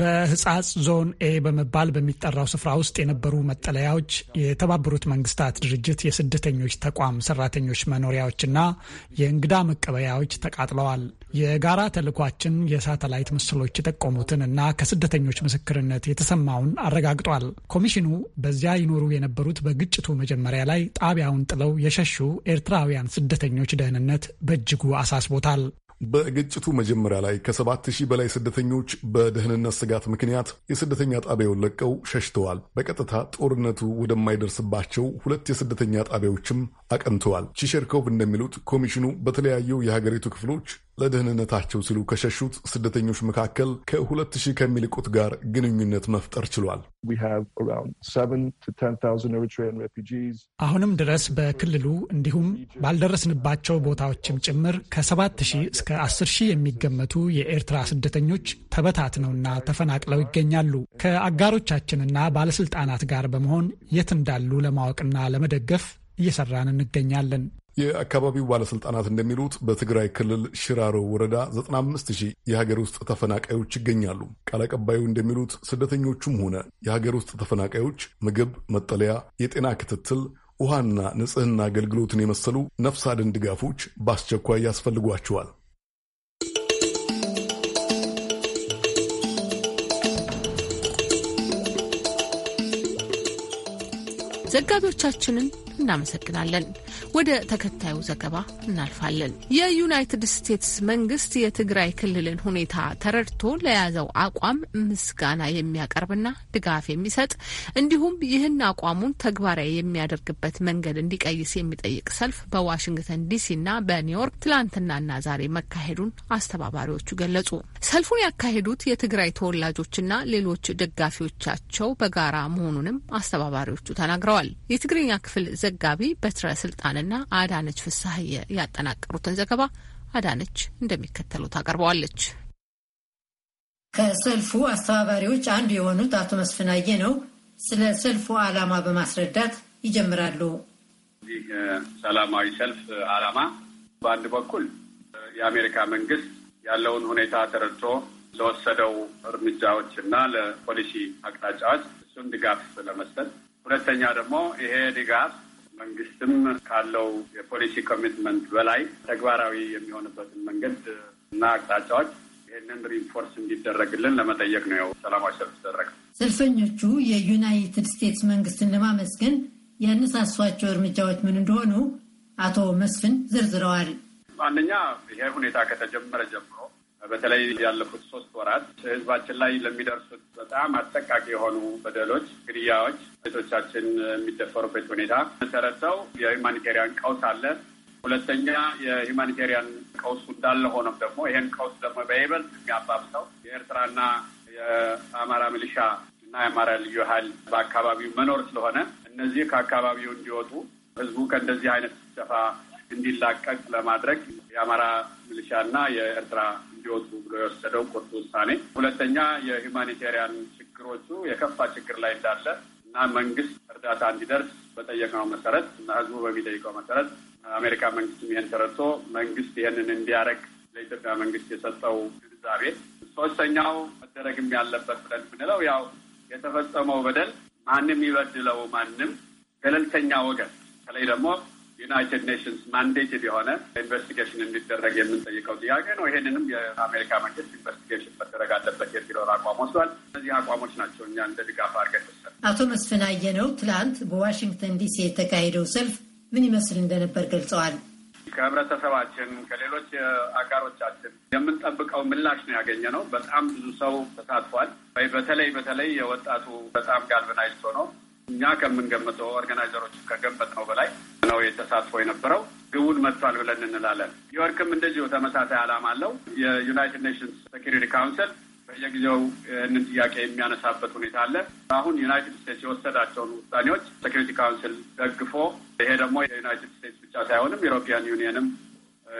በህጻጽ ዞን ኤ በመባል በሚጠራው ስፍራ ውስጥ የነበሩ መጠለያዎች፣ የተባበሩት መንግስታት ድርጅት የስደተኞች ተቋም ሰራተኞች መኖሪያዎችና የእንግዳ መቀበያዎች ተቃጥለዋል። የጋራ ተልኳችን የሳተላይት ምስሎች የጠቆሙትን እና ከስደተኞች ምስክርነት የተሰማውን አረጋግጧል። ኮሚሽኑ በዚያ ይኖሩ የነበሩት በግጭቱ መጀመሪያ ላይ ጣቢያውን ጥለው የሸሹ ኤርትራውያን ስደተኞች ደህንነት በእጅጉ አሳስቦታል። በግጭቱ መጀመሪያ ላይ ከሰባት ሺህ በላይ ስደተኞች በደህንነት ስጋት ምክንያት የስደተኛ ጣቢያውን ለቀው ሸሽተዋል። በቀጥታ ጦርነቱ ወደማይደርስባቸው ሁለት የስደተኛ ጣቢያዎችም አቅንተዋል። ቺሸርኮቭ እንደሚሉት ኮሚሽኑ በተለያዩ የሀገሪቱ ክፍሎች ለደህንነታቸው ሲሉ ከሸሹት ስደተኞች መካከል ከሁለት ሺህ ከሚልቁት ጋር ግንኙነት መፍጠር ችሏል። አሁንም ድረስ በክልሉ እንዲሁም ባልደረስንባቸው ቦታዎችም ጭምር ከሰባት ሺህ እስከ አስር ሺህ የሚገመቱ የኤርትራ ስደተኞች ተበታትነውና ተፈናቅለው ይገኛሉ። ከአጋሮቻችንና ባለስልጣናት ጋር በመሆን የት እንዳሉ ለማወቅና ለመደገፍ እየሰራን እንገኛለን። የአካባቢው ባለስልጣናት እንደሚሉት በትግራይ ክልል ሽራሮ ወረዳ 95 ሺህ የሀገር ውስጥ ተፈናቃዮች ይገኛሉ። ቃል አቀባዩ እንደሚሉት ስደተኞቹም ሆነ የሀገር ውስጥ ተፈናቃዮች ምግብ፣ መጠለያ፣ የጤና ክትትል ውሃና ንጽህና አገልግሎትን የመሰሉ ነፍስ አድን ድጋፎች በአስቸኳይ ያስፈልጓቸዋል። ዘጋቢዎቻችንን እናመሰግናለን። ወደ ተከታዩ ዘገባ እናልፋለን። የዩናይትድ ስቴትስ መንግስት የትግራይ ክልልን ሁኔታ ተረድቶ ለያዘው አቋም ምስጋና የሚያቀርብና ድጋፍ የሚሰጥ እንዲሁም ይህን አቋሙን ተግባራዊ የሚያደርግበት መንገድ እንዲቀይስ የሚጠይቅ ሰልፍ በዋሽንግተን ዲሲና በኒውዮርክ ትላንትናና ዛሬ መካሄዱን አስተባባሪዎቹ ገለጹ። ሰልፉን ያካሄዱት የትግራይ ተወላጆችና ሌሎች ደጋፊዎቻቸው በጋራ መሆኑንም አስተባባሪዎቹ ተናግረዋል። የትግርኛ ክፍል ዘጋቢ በትረ ስልጣን ብርሃንና አዳነች ፍሳሀየ ያጠናቀሩትን ዘገባ አዳነች እንደሚከተሉ አቀርበዋለች። ከሰልፉ አስተባባሪዎች አንዱ የሆኑት አቶ መስፍናዬ ነው። ስለ ሰልፉ ዓላማ በማስረዳት ይጀምራሉ። እዚህ ሰላማዊ ሰልፍ ዓላማ በአንድ በኩል የአሜሪካ መንግስት ያለውን ሁኔታ ተረድቶ ለወሰደው እርምጃዎች እና ለፖሊሲ አቅጣጫዎች እሱን ድጋፍ ለመስጠት፣ ሁለተኛ ደግሞ ይሄ ድጋፍ መንግስትም ካለው የፖሊሲ ኮሚትመንት በላይ ተግባራዊ የሚሆንበትን መንገድ እና አቅጣጫዎች ይህንን ሪንፎርስ እንዲደረግልን ለመጠየቅ ነው ያው ሰላማዊ ሰልፍ ተደረገ። ሰልፈኞቹ የዩናይትድ ስቴትስ መንግስትን ለማመስገን ያነሳሷቸው እርምጃዎች ምን እንደሆኑ አቶ መስፍን ዘርዝረዋል። አንደኛ ይሄ ሁኔታ ከተጀመረ ጀምሮ በተለይ ያለፉት ሶስት ወራት ህዝባችን ላይ ለሚደርሱት በጣም አጠቃቂ የሆኑ በደሎች፣ ግድያዎች፣ ቤቶቻችን የሚደፈሩበት ሁኔታ መሰረተው የሁማኒቴሪያን ቀውስ አለ። ሁለተኛ የሁማኒቴሪያን ቀውሱ እንዳለ ሆኖም ደግሞ ይሄን ቀውስ ደግሞ በይበልጥ የሚያባብሰው የኤርትራና የአማራ ሚሊሻ እና የአማራ ልዩ ኃይል በአካባቢው መኖር ስለሆነ እነዚህ ከአካባቢው እንዲወጡ ህዝቡ ከእንደዚህ አይነት ጭፍጨፋ እንዲላቀቅ ለማድረግ የአማራ ሚሊሻ እና የኤርትራ እንዲወጡ ብሎ የወሰደው ቁርጥ ውሳኔ፣ ሁለተኛ የሁማኒቴሪያን ችግሮቹ የከፋ ችግር ላይ እንዳለ እና መንግስት እርዳታ እንዲደርስ በጠየቀው መሰረት እና ህዝቡ በሚጠይቀው መሰረት አሜሪካ መንግስትም ይህን ተረድቶ መንግስት ይህንን እንዲያደርግ ለኢትዮጵያ መንግስት የሰጠው ግንዛቤ፣ ሶስተኛው መደረግም ያለበት ብለን ምንለው ያው የተፈጸመው በደል ማንም ይበድለው ማንም ገለልተኛ ወገን ከላይ ደግሞ ዩናይትድ ኔሽንስ ማንዴትድ የሆነ ኢንቨስቲጌሽን እንዲደረግ የምንጠይቀው ጥያቄ ነው። ይሄንንም የአሜሪካ መንግስት ኢንቨስቲጌሽን መደረግ አለበት የሚለውን አቋም ወስዷል። እነዚህ አቋሞች ናቸው እኛ እንደ ድጋፍ አድርገን ይወሰል። አቶ መስፍን አየነው ትላንት በዋሽንግተን ዲሲ የተካሄደው ሰልፍ ምን ይመስል እንደነበር ገልጸዋል። ከህብረተሰባችን ከሌሎች አጋሮቻችን የምንጠብቀው ምላሽ ነው ያገኘ ነው። በጣም ብዙ ሰው ተሳትፏል። በተለይ በተለይ የወጣቱ በጣም ጋልበናይዝቶ ነው እኛ ከምንገምተው ኦርጋናይዘሮች ነው በላይ ነው የተሳትፎ የነበረው። ግቡን መጥቷል ብለን እንላለን። ኒውዮርክም እንደዚሁ ተመሳሳይ ዓላማ አለው። የዩናይትድ ኔሽንስ ሴኪሪቲ ካውንስል በየጊዜው ይህንን ጥያቄ የሚያነሳበት ሁኔታ አለ። አሁን ዩናይትድ ስቴትስ የወሰዳቸውን ውሳኔዎች ሴኪሪቲ ካውንስል ደግፎ፣ ይሄ ደግሞ የዩናይትድ ስቴትስ ብቻ ሳይሆንም ዩሮፒያን ዩኒየንም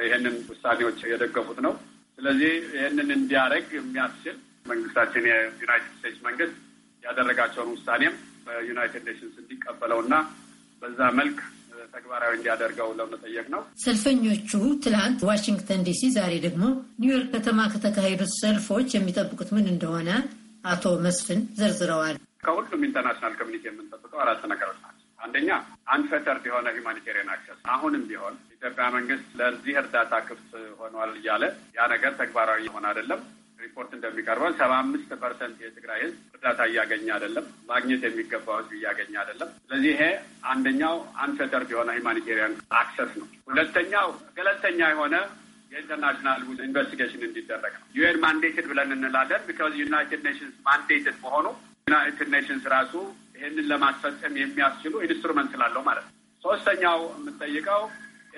ይህንን ውሳኔዎች የደገፉት ነው። ስለዚህ ይህንን እንዲያደርግ የሚያስችል መንግስታችን የዩናይትድ ስቴትስ መንግስት ያደረጋቸውን ውሳኔም በዩናይትድ ኔሽንስ እንዲቀበለው እና በዛ መልክ ተግባራዊ እንዲያደርገው ለመጠየቅ ነው። ሰልፈኞቹ ትላንት ዋሽንግተን ዲሲ፣ ዛሬ ደግሞ ኒውዮርክ ከተማ ከተካሄዱት ሰልፎች የሚጠብቁት ምን እንደሆነ አቶ መስፍን ዘርዝረዋል። ከሁሉም ኢንተርናሽናል ኮሚኒቲ የምንጠብቀው አራት ነገሮች ናቸው። አንደኛ አንፈተርድ የሆነ ሂውማኒቴሪያን አክሰስ አሁንም ቢሆን ኢትዮጵያ መንግስት ለዚህ እርዳታ ክፍት ሆኗል እያለ ያ ነገር ተግባራዊ ሆነ አይደለም። ሪፖርት እንደሚቀርበው ሰባ አምስት ፐርሰንት የትግራይ ህዝብ እርዳታ እያገኘ አይደለም፣ ማግኘት የሚገባው ህዝብ እያገኘ አይደለም። ስለዚህ ይሄ አንደኛው አንፈተር የሆነ ሂማኒቴሪያን አክሰስ ነው። ሁለተኛው ገለልተኛ የሆነ የኢንተርናሽናል ኢንቨስቲጌሽን እንዲደረግ ነው። ዩኤን ማንዴትድ ብለን እንላለን። ቢካዝ ዩናይትድ ኔሽንስ ማንዴትድ መሆኑ ዩናይትድ ኔሽንስ ራሱ ይህንን ለማስፈጸም የሚያስችሉ ኢንስትሩመንት ስላለው ማለት ነው። ሶስተኛው የምንጠይቀው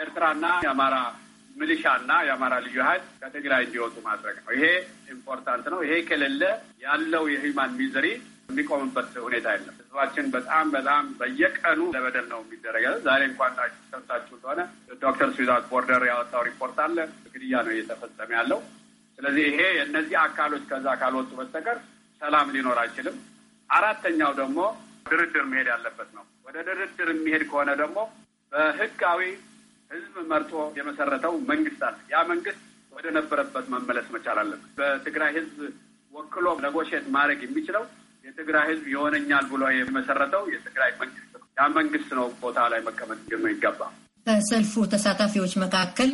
ኤርትራና የአማራ ሚሊሻና የአማራ ልዩ ኃይል ከትግራይ እንዲወጡ ማድረግ ነው። ይሄ ኢምፖርታንት ነው። ይሄ ከሌለ ያለው የሂውማን ሚዘሪ የሚቆምበት ሁኔታ የለም። ህዝባችን በጣም በጣም በየቀኑ ለበደል ነው የሚደረገ። ዛሬ እንኳን ሰምታችሁ ከሆነ ዶክተር ስዊዛት ቦርደር ያወጣው ሪፖርት አለ። ግድያ ነው እየተፈጸመ ያለው። ስለዚህ ይሄ የእነዚህ አካሎች ከዛ ካልወጡ በስተቀር ሰላም ሊኖር አይችልም። አራተኛው ደግሞ ድርድር መሄድ ያለበት ነው። ወደ ድርድር የሚሄድ ከሆነ ደግሞ በህጋዊ ህዝብ መርጦ የመሰረተው መንግስት አለ። ያ መንግስት ወደ ነበረበት መመለስ መቻል አለበት። በትግራይ ህዝብ ወክሎ ነጎሼት ማድረግ የሚችለው የትግራይ ህዝብ ይሆነኛል ብሎ የመሰረተው የትግራይ መንግስት ነው። ያ መንግስት ነው ቦታ ላይ መቀመጥ ይገባ። ከሰልፉ ተሳታፊዎች መካከል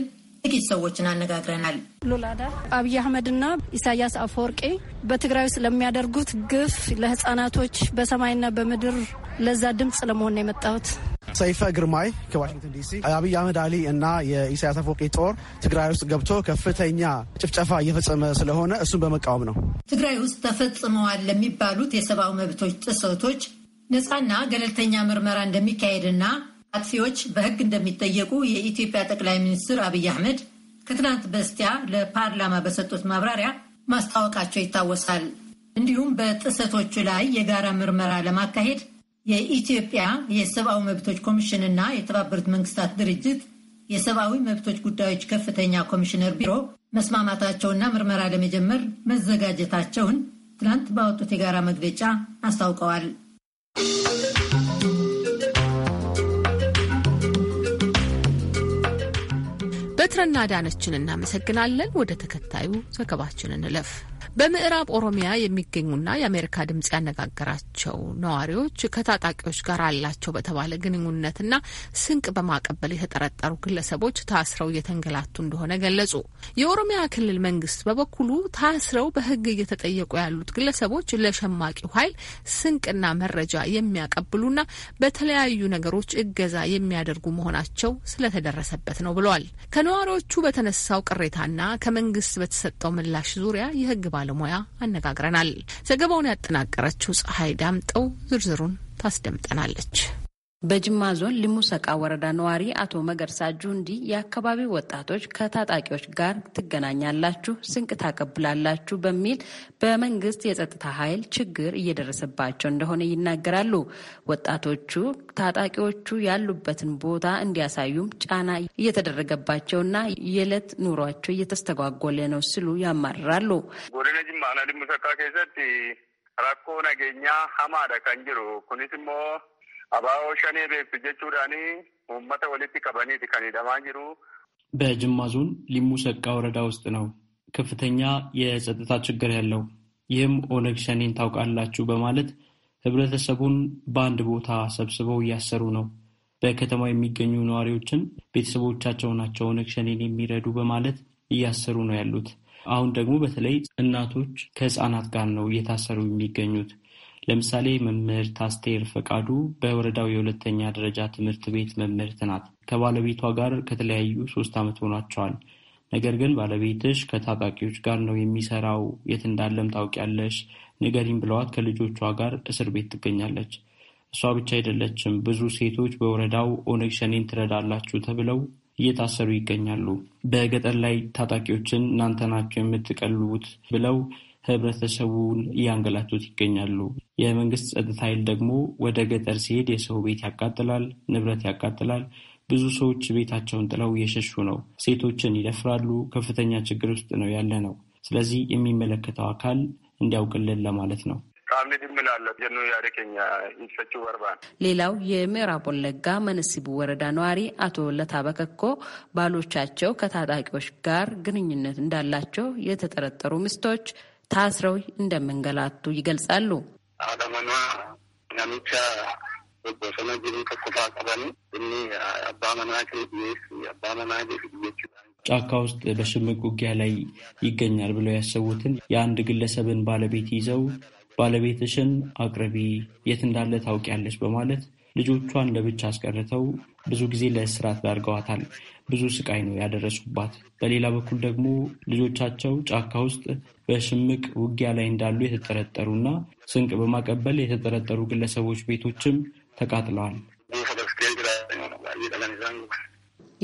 ጥቂት ሰዎችን አነጋግረናል። ሉላዳ አብይ አህመድና ኢሳያስ አፈወርቄ በትግራይ ውስጥ ለሚያደርጉት ግፍ ለህጻናቶች በሰማይና በምድር ለዛ ድምፅ ለመሆን ነው የመጣሁት። ሰይፈ ግርማይ ከዋሽንግተን ዲሲ። አብይ አህመድ አሊ እና የኢሳያስ አፈወርቂ ጦር ትግራይ ውስጥ ገብቶ ከፍተኛ ጭፍጨፋ እየፈጸመ ስለሆነ እሱን በመቃወም ነው። ትግራይ ውስጥ ተፈጽመዋል ለሚባሉት የሰብአዊ መብቶች ጥሰቶች ነፃና ገለልተኛ ምርመራ እንደሚካሄድና አጥፊዎች በሕግ እንደሚጠየቁ የኢትዮጵያ ጠቅላይ ሚኒስትር አብይ አህመድ ከትናንት በስቲያ ለፓርላማ በሰጡት ማብራሪያ ማስታወቃቸው ይታወሳል። እንዲሁም በጥሰቶቹ ላይ የጋራ ምርመራ ለማካሄድ የኢትዮጵያ የሰብአዊ መብቶች ኮሚሽንና የተባበሩት መንግስታት ድርጅት የሰብአዊ መብቶች ጉዳዮች ከፍተኛ ኮሚሽነር ቢሮ መስማማታቸውና ምርመራ ለመጀመር መዘጋጀታቸውን ትናንት ባወጡት የጋራ መግለጫ አስታውቀዋል። በትረና ዳነችን እናመሰግናለን። ወደ ተከታዩ ዘገባችን እንለፍ። በምዕራብ ኦሮሚያ የሚገኙና የአሜሪካ ድምጽ ያነጋገራቸው ነዋሪዎች ከታጣቂዎች ጋር አላቸው በተባለ ግንኙነትና ስንቅ በማቀበል የተጠረጠሩ ግለሰቦች ታስረው እየተንገላቱ እንደሆነ ገለጹ። የኦሮሚያ ክልል መንግስት በበኩሉ ታስረው በህግ እየተጠየቁ ያሉት ግለሰቦች ለሸማቂው ኃይል ስንቅና መረጃ የሚያቀብሉና በተለያዩ ነገሮች እገዛ የሚያደርጉ መሆናቸው ስለተደረሰበት ነው ብለዋል። ከነዋሪዎቹ በተነሳው ቅሬታና ከመንግስት በተሰጠው ምላሽ ዙሪያ የህግ ባለ ባለሙያ አነጋግረናል። ዘገባውን ያጠናቀረችው ፀሐይ ዳምጠው ዝርዝሩን ታስደምጠናለች። በጅማ ዞን ሊሙሰቃ ወረዳ ነዋሪ አቶ መገርሳ ጁንዲ የአካባቢው ወጣቶች ከታጣቂዎች ጋር ትገናኛላችሁ፣ ስንቅ ታቀብላላችሁ በሚል በመንግስት የጸጥታ ኃይል ችግር እየደረሰባቸው እንደሆነ ይናገራሉ። ወጣቶቹ ታጣቂዎቹ ያሉበትን ቦታ እንዲያሳዩም ጫና እየተደረገባቸውና የዕለት ኑሯቸው እየተስተጓጎለ ነው ሲሉ ያማርራሉ። ጎደነ ጅማ ሊሙሰቃ ከሰት ራኮ ነገኛ ሀማደ ከንጅሩ ኩኒትሞ አባዎ ሸኔ ቤት ጀቹዳኒ ውመተ ወሊት ቀበኒት ከኒደማ ጅሩ በጅማ ዞን ሊሙ ሰቃ ወረዳ ውስጥ ነው ከፍተኛ የጸጥታ ችግር ያለው። ይህም ኦነግ ሸኔን ታውቃላችሁ በማለት ህብረተሰቡን በአንድ ቦታ ሰብስበው እያሰሩ ነው። በከተማ የሚገኙ ነዋሪዎችን ቤተሰቦቻቸው ናቸው ኦነግ ሸኔን የሚረዱ በማለት እያሰሩ ነው ያሉት። አሁን ደግሞ በተለይ እናቶች ከህፃናት ጋር ነው እየታሰሩ የሚገኙት። ለምሳሌ መምህርት አስቴር ፈቃዱ በወረዳው የሁለተኛ ደረጃ ትምህርት ቤት መምህርት ናት። ከባለቤቷ ጋር ከተለያዩ ሶስት ዓመት ሆኗቸዋል። ነገር ግን ባለቤትሽ ከታጣቂዎች ጋር ነው የሚሰራው፣ የት እንዳለም ታውቂያለሽ፣ ንገሪም ብለዋት ከልጆቿ ጋር እስር ቤት ትገኛለች። እሷ ብቻ አይደለችም። ብዙ ሴቶች በወረዳው ኦነግ ሸኔን ትረዳላችሁ ተብለው እየታሰሩ ይገኛሉ። በገጠር ላይ ታጣቂዎችን እናንተ ናቸው የምትቀልቡት ብለው ህብረተሰቡን እያንገላቱት ይገኛሉ። የመንግስት ጸጥታ ኃይል ደግሞ ወደ ገጠር ሲሄድ የሰው ቤት ያቃጥላል፣ ንብረት ያቃጥላል። ብዙ ሰዎች ቤታቸውን ጥለው እየሸሹ ነው። ሴቶችን ይደፍራሉ። ከፍተኛ ችግር ውስጥ ነው ያለ ነው። ስለዚህ የሚመለከተው አካል እንዲያውቅልን ለማለት ነው። ሌላው የምዕራብ ወለጋ መነሲቡ ወረዳ ነዋሪ አቶ ለታ በከኮ ባሎቻቸው ከታጣቂዎች ጋር ግንኙነት እንዳላቸው የተጠረጠሩ ሚስቶች ታስረው እንደምንገላቱ ይገልጻሉ። ጫካ ውስጥ በሽምቅ ውጊያ ላይ ይገኛል ብለው ያሰቡትን የአንድ ግለሰብን ባለቤት ይዘው ባለቤትሽን አቅርቢ፣ የት እንዳለ ታውቂያለች በማለት ልጆቿን ለብቻ አስቀርተው ብዙ ጊዜ ለእስራት ዳርገዋታል። ብዙ ስቃይ ነው ያደረሱባት። በሌላ በኩል ደግሞ ልጆቻቸው ጫካ ውስጥ በሽምቅ ውጊያ ላይ እንዳሉ የተጠረጠሩና ስንቅ በማቀበል የተጠረጠሩ ግለሰቦች ቤቶችም ተቃጥለዋል።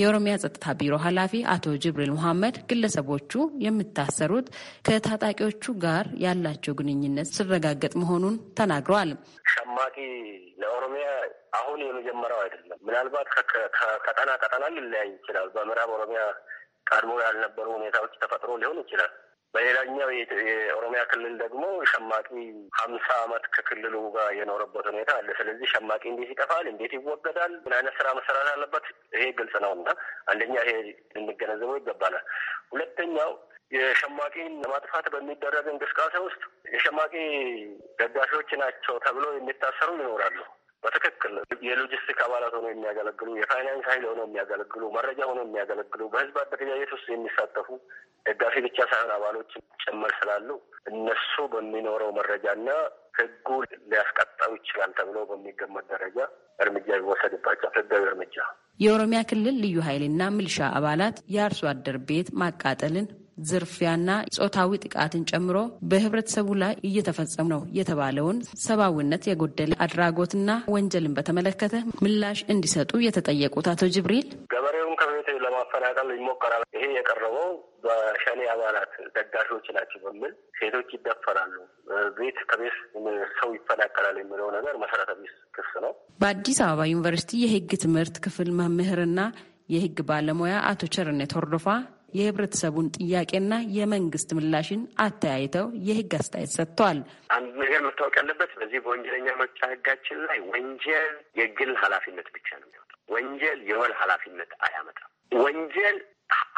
የኦሮሚያ ጸጥታ ቢሮ ኃላፊ አቶ ጅብሪል ሙሐመድ ግለሰቦቹ የሚታሰሩት ከታጣቂዎቹ ጋር ያላቸው ግንኙነት ሲረጋገጥ መሆኑን ተናግረዋል። ሸማቂ ለኦሮሚያ አሁን የመጀመሪያው አይደለም። ምናልባት ከቀጠና ቀጠና ሊለያይ ይችላል። በምዕራብ ኦሮሚያ ቀድሞ ያልነበሩ ሁኔታዎች ተፈጥሮ ሊሆን ይችላል። በሌላኛው የኦሮሚያ ክልል ደግሞ ሸማቂ ሀምሳ አመት ከክልሉ ጋር የኖረበት ሁኔታ አለ። ስለዚህ ሸማቂ እንዴት ይጠፋል? እንዴት ይወገዳል? ምን አይነት ስራ መሰራት አለበት? ይሄ ግልጽ ነው እና አንደኛ ይሄ ልንገነዘበው ይገባናል። ሁለተኛው የሸማቂን ለማጥፋት በሚደረግ እንቅስቃሴ ውስጥ የሸማቂ ደጋፊዎች ናቸው ተብሎ የሚታሰሩ ይኖራሉ። በትክክል የሎጂስቲክ አባላት ሆነው የሚያገለግሉ፣ የፋይናንስ ኃይል ሆነው የሚያገለግሉ፣ መረጃ ሆነው የሚያገለግሉ፣ በህዝብ አደረጃጀት ውስጥ የሚሳተፉ ደጋፊ ብቻ ሳይሆን አባሎች ጭምር ስላሉ እነሱ በሚኖረው መረጃና ህጉ ሊያስቀጣው ይችላል ተብሎ በሚገመት ደረጃ እርምጃ ቢወሰድባቸው ህጋዊ እርምጃ የኦሮሚያ ክልል ልዩ ኃይልና ምልሻ አባላት የአርሶ አደር ቤት ማቃጠልን ዝርፊያና ጾታዊ ጥቃትን ጨምሮ በህብረተሰቡ ላይ እየተፈጸሙ ነው የተባለውን ሰብአዊነት የጎደለ አድራጎትና ወንጀልን በተመለከተ ምላሽ እንዲሰጡ የተጠየቁት አቶ ጅብሪል ገበሬውን ከቤት ለማፈናቀል ይሞከራል። ይሄ የቀረበው በሸኔ አባላት ደጋሾች ናቸው በሚል ሴቶች ይደፈራሉ፣ ቤት ከቤት ሰው ይፈናቀላል የሚለው ነገር መሰረተ ቢስ ክስ ነው። በአዲስ አበባ ዩኒቨርሲቲ የህግ ትምህርት ክፍል መምህርና የህግ ባለሙያ አቶ ቸርነት ሆርዶፋ የህብረተሰቡን ጥያቄና የመንግስት ምላሽን አተያይተው የህግ አስተያየት ሰጥተዋል። አንድ ነገር መታወቅ ያለበት በዚህ በወንጀለኛ መቅጫ ህጋችን ላይ ወንጀል የግል ኃላፊነት ብቻ ነው የሚወጣው። ወንጀል የወል ኃላፊነት አያመጣም። ወንጀል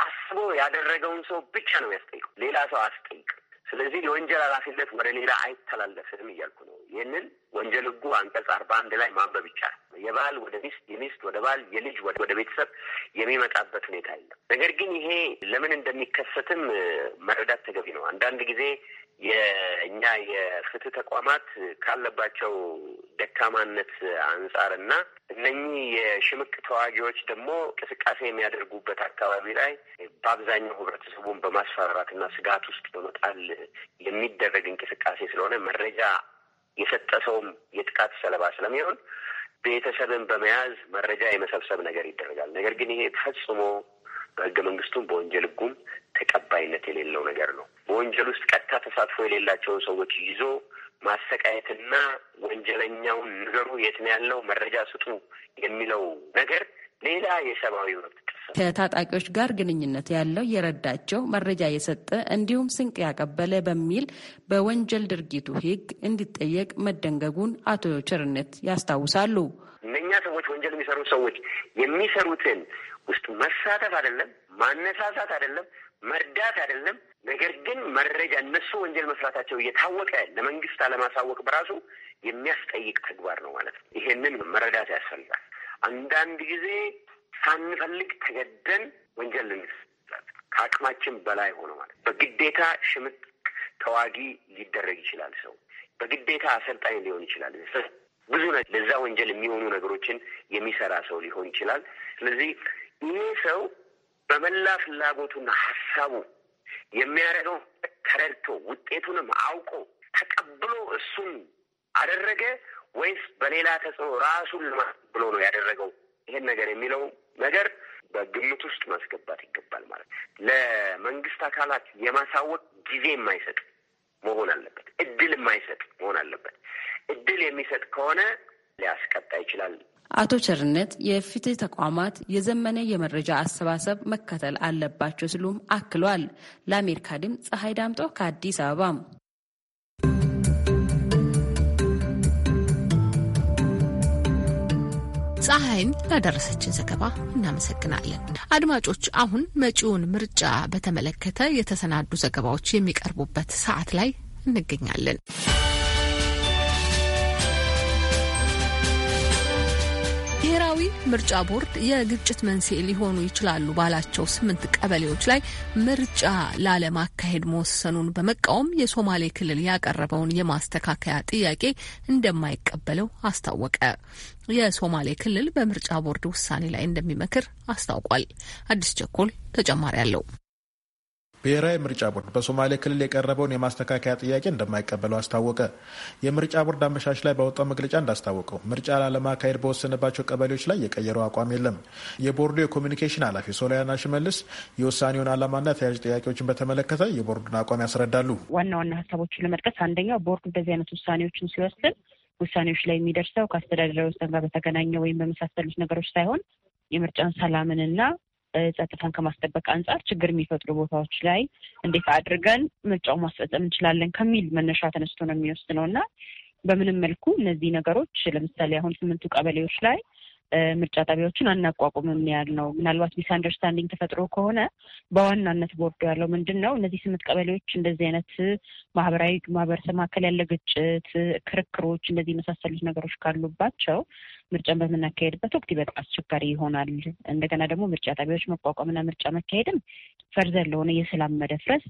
አስቦ ያደረገውን ሰው ብቻ ነው የሚያስጠይቀው፣ ሌላ ሰው አስጠይቅም። ስለዚህ የወንጀል ኃላፊነት ወደ ሌላ አይተላለፍም እያልኩ ነው ይህንን ወንጀል ህጉ አንቀጽ አርባ አንድ ላይ ማንበብ ይቻላል። የባል ወደ ሚስት፣ የሚስት ወደ ባል፣ የልጅ ወደ ቤተሰብ የሚመጣበት ሁኔታ የለም። ነገር ግን ይሄ ለምን እንደሚከሰትም መረዳት ተገቢ ነው። አንዳንድ ጊዜ የእኛ የፍትህ ተቋማት ካለባቸው ደካማነት እና እነኚህ የሽምቅ ተዋጊዎች ደግሞ እንቅስቃሴ የሚያደርጉበት አካባቢ ላይ በአብዛኛው ህብረተሰቡን በማስፈራራትና ስጋት ውስጥ በመጣል የሚደረግ እንቅስቃሴ ስለሆነ መረጃ የሰጠ ሰውም የጥቃት ሰለባ ስለሚሆን ቤተሰብን በመያዝ መረጃ የመሰብሰብ ነገር ይደረጋል። ነገር ግን ይሄ ፈጽሞ በህገ መንግስቱም በወንጀል ህጉም ተቀባይነት የሌለው ነገር ነው። በወንጀል ውስጥ ቀጥታ ተሳትፎ የሌላቸውን ሰዎች ይዞ ማሰቃየትና ወንጀለኛውን ንገሩ፣ የት ነው ያለው፣ መረጃ ስጡ የሚለው ነገር ሌላ የሰብአዊ መብት ከታጣቂዎች ጋር ግንኙነት ያለው የረዳቸው መረጃ የሰጠ እንዲሁም ስንቅ ያቀበለ በሚል በወንጀል ድርጊቱ ህግ እንዲጠየቅ መደንገጉን አቶ ቸርነት ያስታውሳሉ። እነኛ ሰዎች ወንጀል የሚሰሩ ሰዎች የሚሰሩትን ውስጥ መሳተፍ አይደለም፣ ማነሳሳት አይደለም፣ መርዳት አይደለም። ነገር ግን መረጃ እነሱ ወንጀል መስራታቸው እየታወቀ ለመንግስት አለማሳወቅ በራሱ የሚያስጠይቅ ተግባር ነው ማለት ነው። ይሄንን መረዳት ያስፈልጋል። አንዳንድ ጊዜ ሳንፈልግ ተገደን ወንጀል ልንስላል ከአቅማችን በላይ ሆነ ማለት በግዴታ ሽምቅ ተዋጊ ሊደረግ ይችላል። ሰው በግዴታ አሰልጣኝ ሊሆን ይችላል። ብዙ ለዛ ወንጀል የሚሆኑ ነገሮችን የሚሰራ ሰው ሊሆን ይችላል። ስለዚህ ይሄ ሰው በመላ ፍላጎቱና ሀሳቡ የሚያደርገው ተረድቶ ውጤቱንም አውቆ ተቀብሎ እሱን አደረገ ወይስ በሌላ ተጽዕኖ ራሱን ልማ ብሎ ነው ያደረገው ይሄን ነገር የሚለው ነገር በግምት ውስጥ ማስገባት ይገባል። ማለት ለመንግስት አካላት የማሳወቅ ጊዜ የማይሰጥ መሆን አለበት። እድል የማይሰጥ መሆን አለበት። እድል የሚሰጥ ከሆነ ሊያስቀጣ ይችላል። አቶ ቸርነት የፍትህ ተቋማት የዘመነ የመረጃ አሰባሰብ መከተል አለባቸው ሲሉም አክሏል። ለአሜሪካ ድምፅ ፀሐይ ዳምጦ ከአዲስ አበባ ፀሐይን ላደረሰችን ዘገባ እናመሰግናለን። አድማጮች፣ አሁን መጪውን ምርጫ በተመለከተ የተሰናዱ ዘገባዎች የሚቀርቡበት ሰዓት ላይ እንገኛለን። ምርጫ ቦርድ የግጭት መንስኤ ሊሆኑ ይችላሉ ባላቸው ስምንት ቀበሌዎች ላይ ምርጫ ላለማካሄድ መወሰኑን በመቃወም የሶማሌ ክልል ያቀረበውን የማስተካከያ ጥያቄ እንደማይቀበለው አስታወቀ። የሶማሌ ክልል በምርጫ ቦርድ ውሳኔ ላይ እንደሚመክር አስታውቋል። አዲስ ቸኮል ተጨማሪ አለው። ብሔራዊ ምርጫ ቦርድ በሶማሌ ክልል የቀረበውን የማስተካከያ ጥያቄ እንደማይቀበለው አስታወቀ። የምርጫ ቦርድ አመሻሽ ላይ በወጣው መግለጫ እንዳስታወቀው ምርጫ ላለማካሄድ በወሰነባቸው ቀበሌዎች ላይ የቀየረው አቋም የለም። የቦርዱ የኮሚኒኬሽን ኃላፊ ሶሊያና ሽመልስ የውሳኔውን ዓላማና ተያያዥ ጥያቄዎችን በተመለከተ የቦርዱን አቋም ያስረዳሉ። ዋና ዋና ሀሳቦችን ለመጥቀስ አንደኛው ቦርዱ እንደዚህ አይነት ውሳኔዎችን ሲወስን ውሳኔዎች ላይ የሚደርሰው ከአስተዳደራዊ ወሰን ጋር በተገናኘ ወይም በመሳሰሉት ነገሮች ሳይሆን የምርጫን ሰላምንና ጸጥታን ከማስጠበቅ አንጻር ችግር የሚፈጥሩ ቦታዎች ላይ እንዴት አድርገን ምርጫው ማስፈጸም እንችላለን ከሚል መነሻ ተነስቶ ነው ነው እና በምንም መልኩ እነዚህ ነገሮች ለምሳሌ አሁን ስምንቱ ቀበሌዎች ላይ ምርጫ ጣቢያዎችን አናቋቁምም ያል ነው። ምናልባት ሚስ አንደርስታንዲንግ ተፈጥሮ ከሆነ በዋናነት ቦርዱ ያለው ምንድን ነው እነዚህ ስምንት ቀበሌዎች እንደዚህ አይነት ማህበራዊ ማህበረሰብ መካከል ያለ ግጭት፣ ክርክሮች እንደዚህ የመሳሰሉት ነገሮች ካሉባቸው ምርጫን በምናካሄድበት ወቅት ይበጣ አስቸጋሪ ይሆናል። እንደገና ደግሞ ምርጫ ጣቢያዎች መቋቋምና ምርጫ መካሄድም ፈርዘር ለሆነ የሰላም መደፍረስ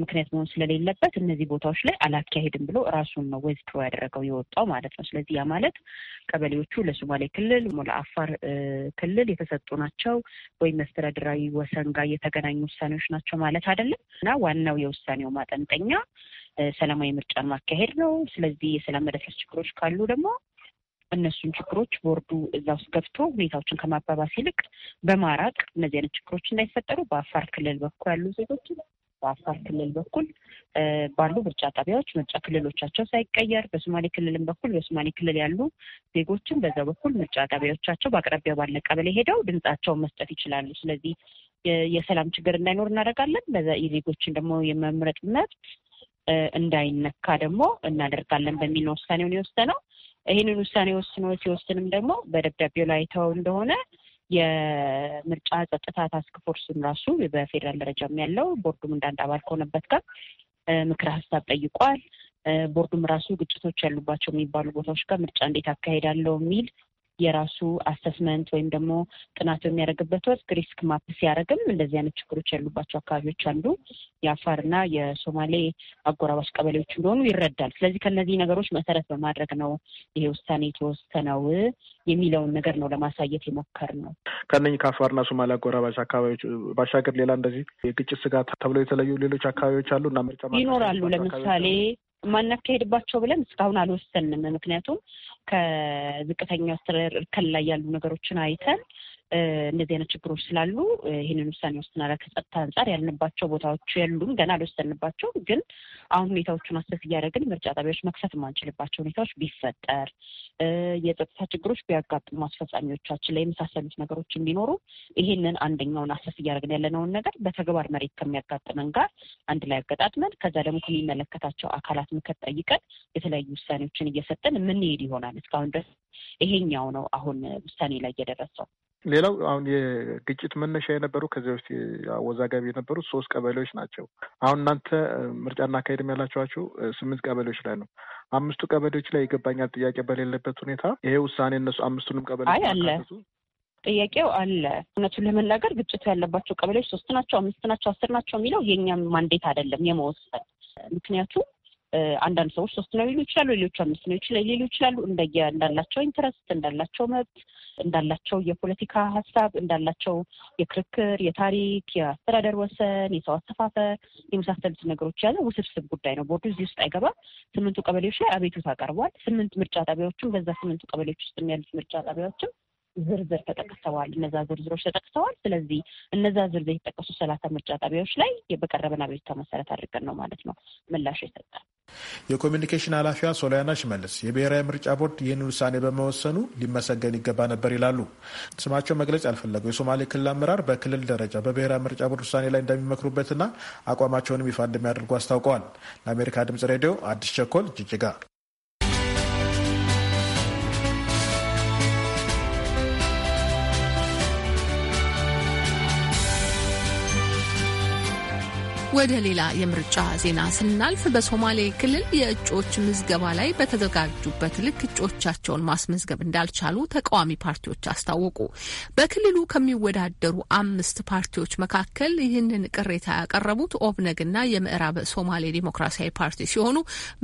ምክንያት መሆን ስለሌለበት እነዚህ ቦታዎች ላይ አላካሄድም ብሎ ራሱን ነው ወዝድሮ ያደረገው የወጣው ማለት ነው። ስለዚህ ያ ማለት ቀበሌዎቹ ለሶማሌ ክልል፣ ለአፋር ክልል የተሰጡ ናቸው ወይም መስተዳድራዊ ወሰን ጋር የተገናኙ ውሳኔዎች ናቸው ማለት አይደለም እና ዋናው የውሳኔው ማጠንጠኛ ሰላማዊ ምርጫን ማካሄድ ነው። ስለዚህ የሰላም መደፍረስ ችግሮች ካሉ ደግሞ እነሱን ችግሮች ቦርዱ እዛ ውስጥ ገብቶ ሁኔታዎችን ከማባባስ ይልቅ በማራቅ እነዚህ አይነት ችግሮች እንዳይፈጠሩ በአፋር ክልል በኩል ያሉ ዜጎች በአፋር ክልል በኩል ባሉ ምርጫ ጣቢያዎች ምርጫ ክልሎቻቸው ሳይቀየር በሶማሌ ክልልም በኩል በሶማሌ ክልል ያሉ ዜጎችን በዛ በኩል ምርጫ ጣቢያዎቻቸው በአቅራቢያው ባለ ቀበሌ ሄደው ድምጻቸውን መስጠት ይችላሉ። ስለዚህ የሰላም ችግር እንዳይኖር እናደርጋለን። በዛ የዜጎችን ደግሞ የመምረጥ መብት እንዳይነካ ደግሞ እናደርጋለን በሚል ነው ውሳኔውን የወሰነው። ይህንን ውሳኔ ወስኖ ሲወስንም ደግሞ በደብዳቤው ላይ ተው እንደሆነ የምርጫ ጸጥታ ታስክ ፎርስም ራሱ በፌዴራል ደረጃም ያለው ቦርዱም እንዳንድ አባል ከሆነበት ጋር ምክረ ሀሳብ ጠይቋል። ቦርዱም ራሱ ግጭቶች ያሉባቸው የሚባሉ ቦታዎች ጋር ምርጫ እንዴት አካሄዳለው የሚል የራሱ አሰስመንት ወይም ደግሞ ጥናት በሚያደርግበት ወቅት ሪስክ ማፕ ሲያደርግም እንደዚህ አይነት ችግሮች ያሉባቸው አካባቢዎች አንዱ የአፋርና የሶማሌ አጎራባች ቀበሌዎች እንደሆኑ ይረዳል። ስለዚህ ከነዚህ ነገሮች መሰረት በማድረግ ነው ይሄ ውሳኔ የተወሰነው የሚለውን ነገር ነው ለማሳየት የሞከር ነው። ከነኝ ከአፋርና ሶማሌ አጎራባች አካባቢዎች ባሻገር ሌላ እንደዚህ የግጭት ስጋት ተብለው የተለዩ ሌሎች አካባቢዎች አሉ እና ምርጫ ይኖራሉ ለምሳሌ ማናካሄድባቸው ብለን እስካሁን አልወሰንም። ምክንያቱም ከዝቅተኛ ስር እርከን ላይ ያሉ ነገሮችን አይተን እነዚህ አይነት ችግሮች ስላሉ ይህንን ውሳኔ ወስናላ ከጸጥታ አንጻር ያልንባቸው ቦታዎች የሉም፣ ገና አልወሰንባቸው። ግን አሁን ሁኔታዎቹን አሰስ እያደረግን ምርጫ ጣቢያዎች መክፈት የማንችልባቸው ሁኔታዎች ቢፈጠር፣ የጸጥታ ችግሮች ቢያጋጥሙ፣ አስፈጻሚዎቻችን ላይ የመሳሰሉት ነገሮች ቢኖሩ ይህንን አንደኛውን አሰስ እያደረግን ያለነውን ነገር በተግባር መሬት ከሚያጋጥመን ጋር አንድ ላይ አገጣጥመን ከዛ ደግሞ ከሚመለከታቸው አካላት ምክር ጠይቀን የተለያዩ ውሳኔዎችን እየሰጠን የምንሄድ ይሆናል። እስካሁን ድረስ ይሄኛው ነው አሁን ውሳኔ ላይ እየደረሰው ሌላው አሁን የግጭት መነሻ የነበሩ ከዚያ በፊት አወዛጋቢ የነበሩት ሶስት ቀበሌዎች ናቸው። አሁን እናንተ ምርጫ እናካሄድም ያላቸኋቸው ስምንት ቀበሌዎች ላይ ነው። አምስቱ ቀበሌዎች ላይ ይገባኛል ጥያቄ በሌለበት ሁኔታ ይሄ ውሳኔ እነሱ አምስቱንም ቀበሌዎች አለ ጥያቄው አለ። እውነቱን ለመናገር ግጭቱ ያለባቸው ቀበሌዎች ሶስት ናቸው፣ አምስት ናቸው፣ አስር ናቸው የሚለው የእኛም ማንዴት አይደለም የመወሰን ምክንያቱም አንዳንድ ሰዎች ሶስት ነው ሊሉ ይችላሉ፣ ሌሎች አምስት ነው ሊሉ ይችላሉ። እንደየ እንዳላቸው ኢንትረስት፣ እንዳላቸው መብት፣ እንዳላቸው የፖለቲካ ሀሳብ፣ እንዳላቸው የክርክር፣ የታሪክ፣ የአስተዳደር ወሰን፣ የሰው አስተፋፈር የመሳሰሉት ነገሮች ያለ ውስብስብ ጉዳይ ነው። ቦርዱ እዚህ ውስጥ አይገባም። ስምንቱ ቀበሌዎች ላይ አቤቱታ ቀርቧል። ስምንት ምርጫ ጣቢያዎችም በዛ ስምንቱ ቀበሌዎች ውስጥ የሚያሉት ምርጫ ጣቢያዎችም ዝርዝር ተጠቅሰዋል። እነዛ ዝርዝሮች ተጠቅሰዋል። ስለዚህ እነዛ ዝርዝር የተጠቀሱ ሰላሳ ምርጫ ጣቢያዎች ላይ በቀረበን አቤቱታ መሰረት አድርገን ነው ማለት ነው ምላሽ ይሰጣል። የኮሚኒኬሽን ኃላፊዋ ሶሊያና ሽመልስ የብሔራዊ ምርጫ ቦርድ ይህን ውሳኔ በመወሰኑ ሊመሰገን ይገባ ነበር ይላሉ። ስማቸው መግለጽ ያልፈለገው የሶማሌ ክልል አመራር በክልል ደረጃ በብሔራዊ ምርጫ ቦርድ ውሳኔ ላይ እንደሚመክሩበትና አቋማቸውንም ይፋ እንደሚያደርጉ አስታውቀዋል። ለአሜሪካ ድምጽ ሬዲዮ አዲስ ቸኮል ጅጅጋ ወደ ሌላ የምርጫ ዜና ስናልፍ በሶማሌ ክልል የእጩዎች ምዝገባ ላይ በተዘጋጁበት ልክ እጩዎቻቸውን ማስመዝገብ እንዳልቻሉ ተቃዋሚ ፓርቲዎች አስታወቁ። በክልሉ ከሚወዳደሩ አምስት ፓርቲዎች መካከል ይህንን ቅሬታ ያቀረቡት ኦብነግና የምዕራብ ሶማሌ ዴሞክራሲያዊ ፓርቲ ሲሆኑ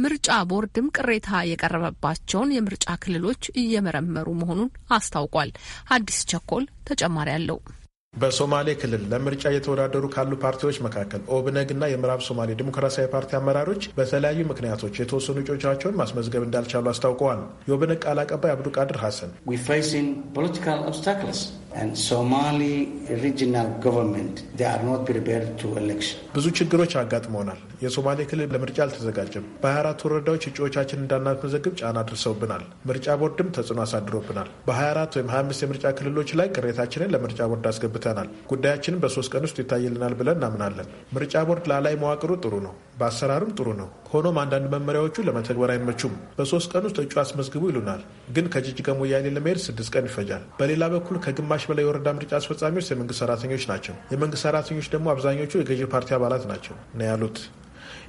ምርጫ ቦርድም ቅሬታ የቀረበባቸውን የምርጫ ክልሎች እየመረመሩ መሆኑን አስታውቋል። አዲስ ቸኮል ተጨማሪ አለው። በሶማሌ ክልል ለምርጫ እየተወዳደሩ ካሉ ፓርቲዎች መካከል ኦብነግና የምዕራብ ሶማሌ ዲሞክራሲያዊ ፓርቲ አመራሮች በተለያዩ ምክንያቶች የተወሰኑ እጩዎቻቸውን ማስመዝገብ እንዳልቻሉ አስታውቀዋል። የኦብነግ ቃል አቀባይ አብዱቃድር ሐሰን ብዙ ችግሮች አጋጥመውናል። የሶማሌ ክልል ለምርጫ አልተዘጋጀም። በ24 ወረዳዎች እጩዎቻችን እንዳናስመዘግብ ጫና አድርሰውብናል። ምርጫ ቦርድም ተጽዕኖ አሳድሮብናል። በ24 ወይም 25 የምርጫ ክልሎች ላይ ቅሬታችንን ለምርጫ ቦርድ አስገብተናል። ተወያይተናል። ጉዳያችንም በሶስት ቀን ውስጥ ይታይልናል ብለን እናምናለን። ምርጫ ቦርድ ላላይ መዋቅሩ ጥሩ ነው፣ በአሰራርም ጥሩ ነው። ሆኖም አንዳንድ መመሪያዎቹ ለመተግበር አይመቹም። በሶስት ቀን ውስጥ እጩ አስመዝግቡ ይሉናል፣ ግን ከጅጅጋ ሞያሌ ለመሄድ ስድስት ቀን ይፈጃል። በሌላ በኩል ከግማሽ በላይ የወረዳ ምርጫ አስፈጻሚዎች የመንግስት ሰራተኞች ናቸው። የመንግስት ሰራተኞች ደግሞ አብዛኞቹ የገዢ ፓርቲ አባላት ናቸው ነው ያሉት።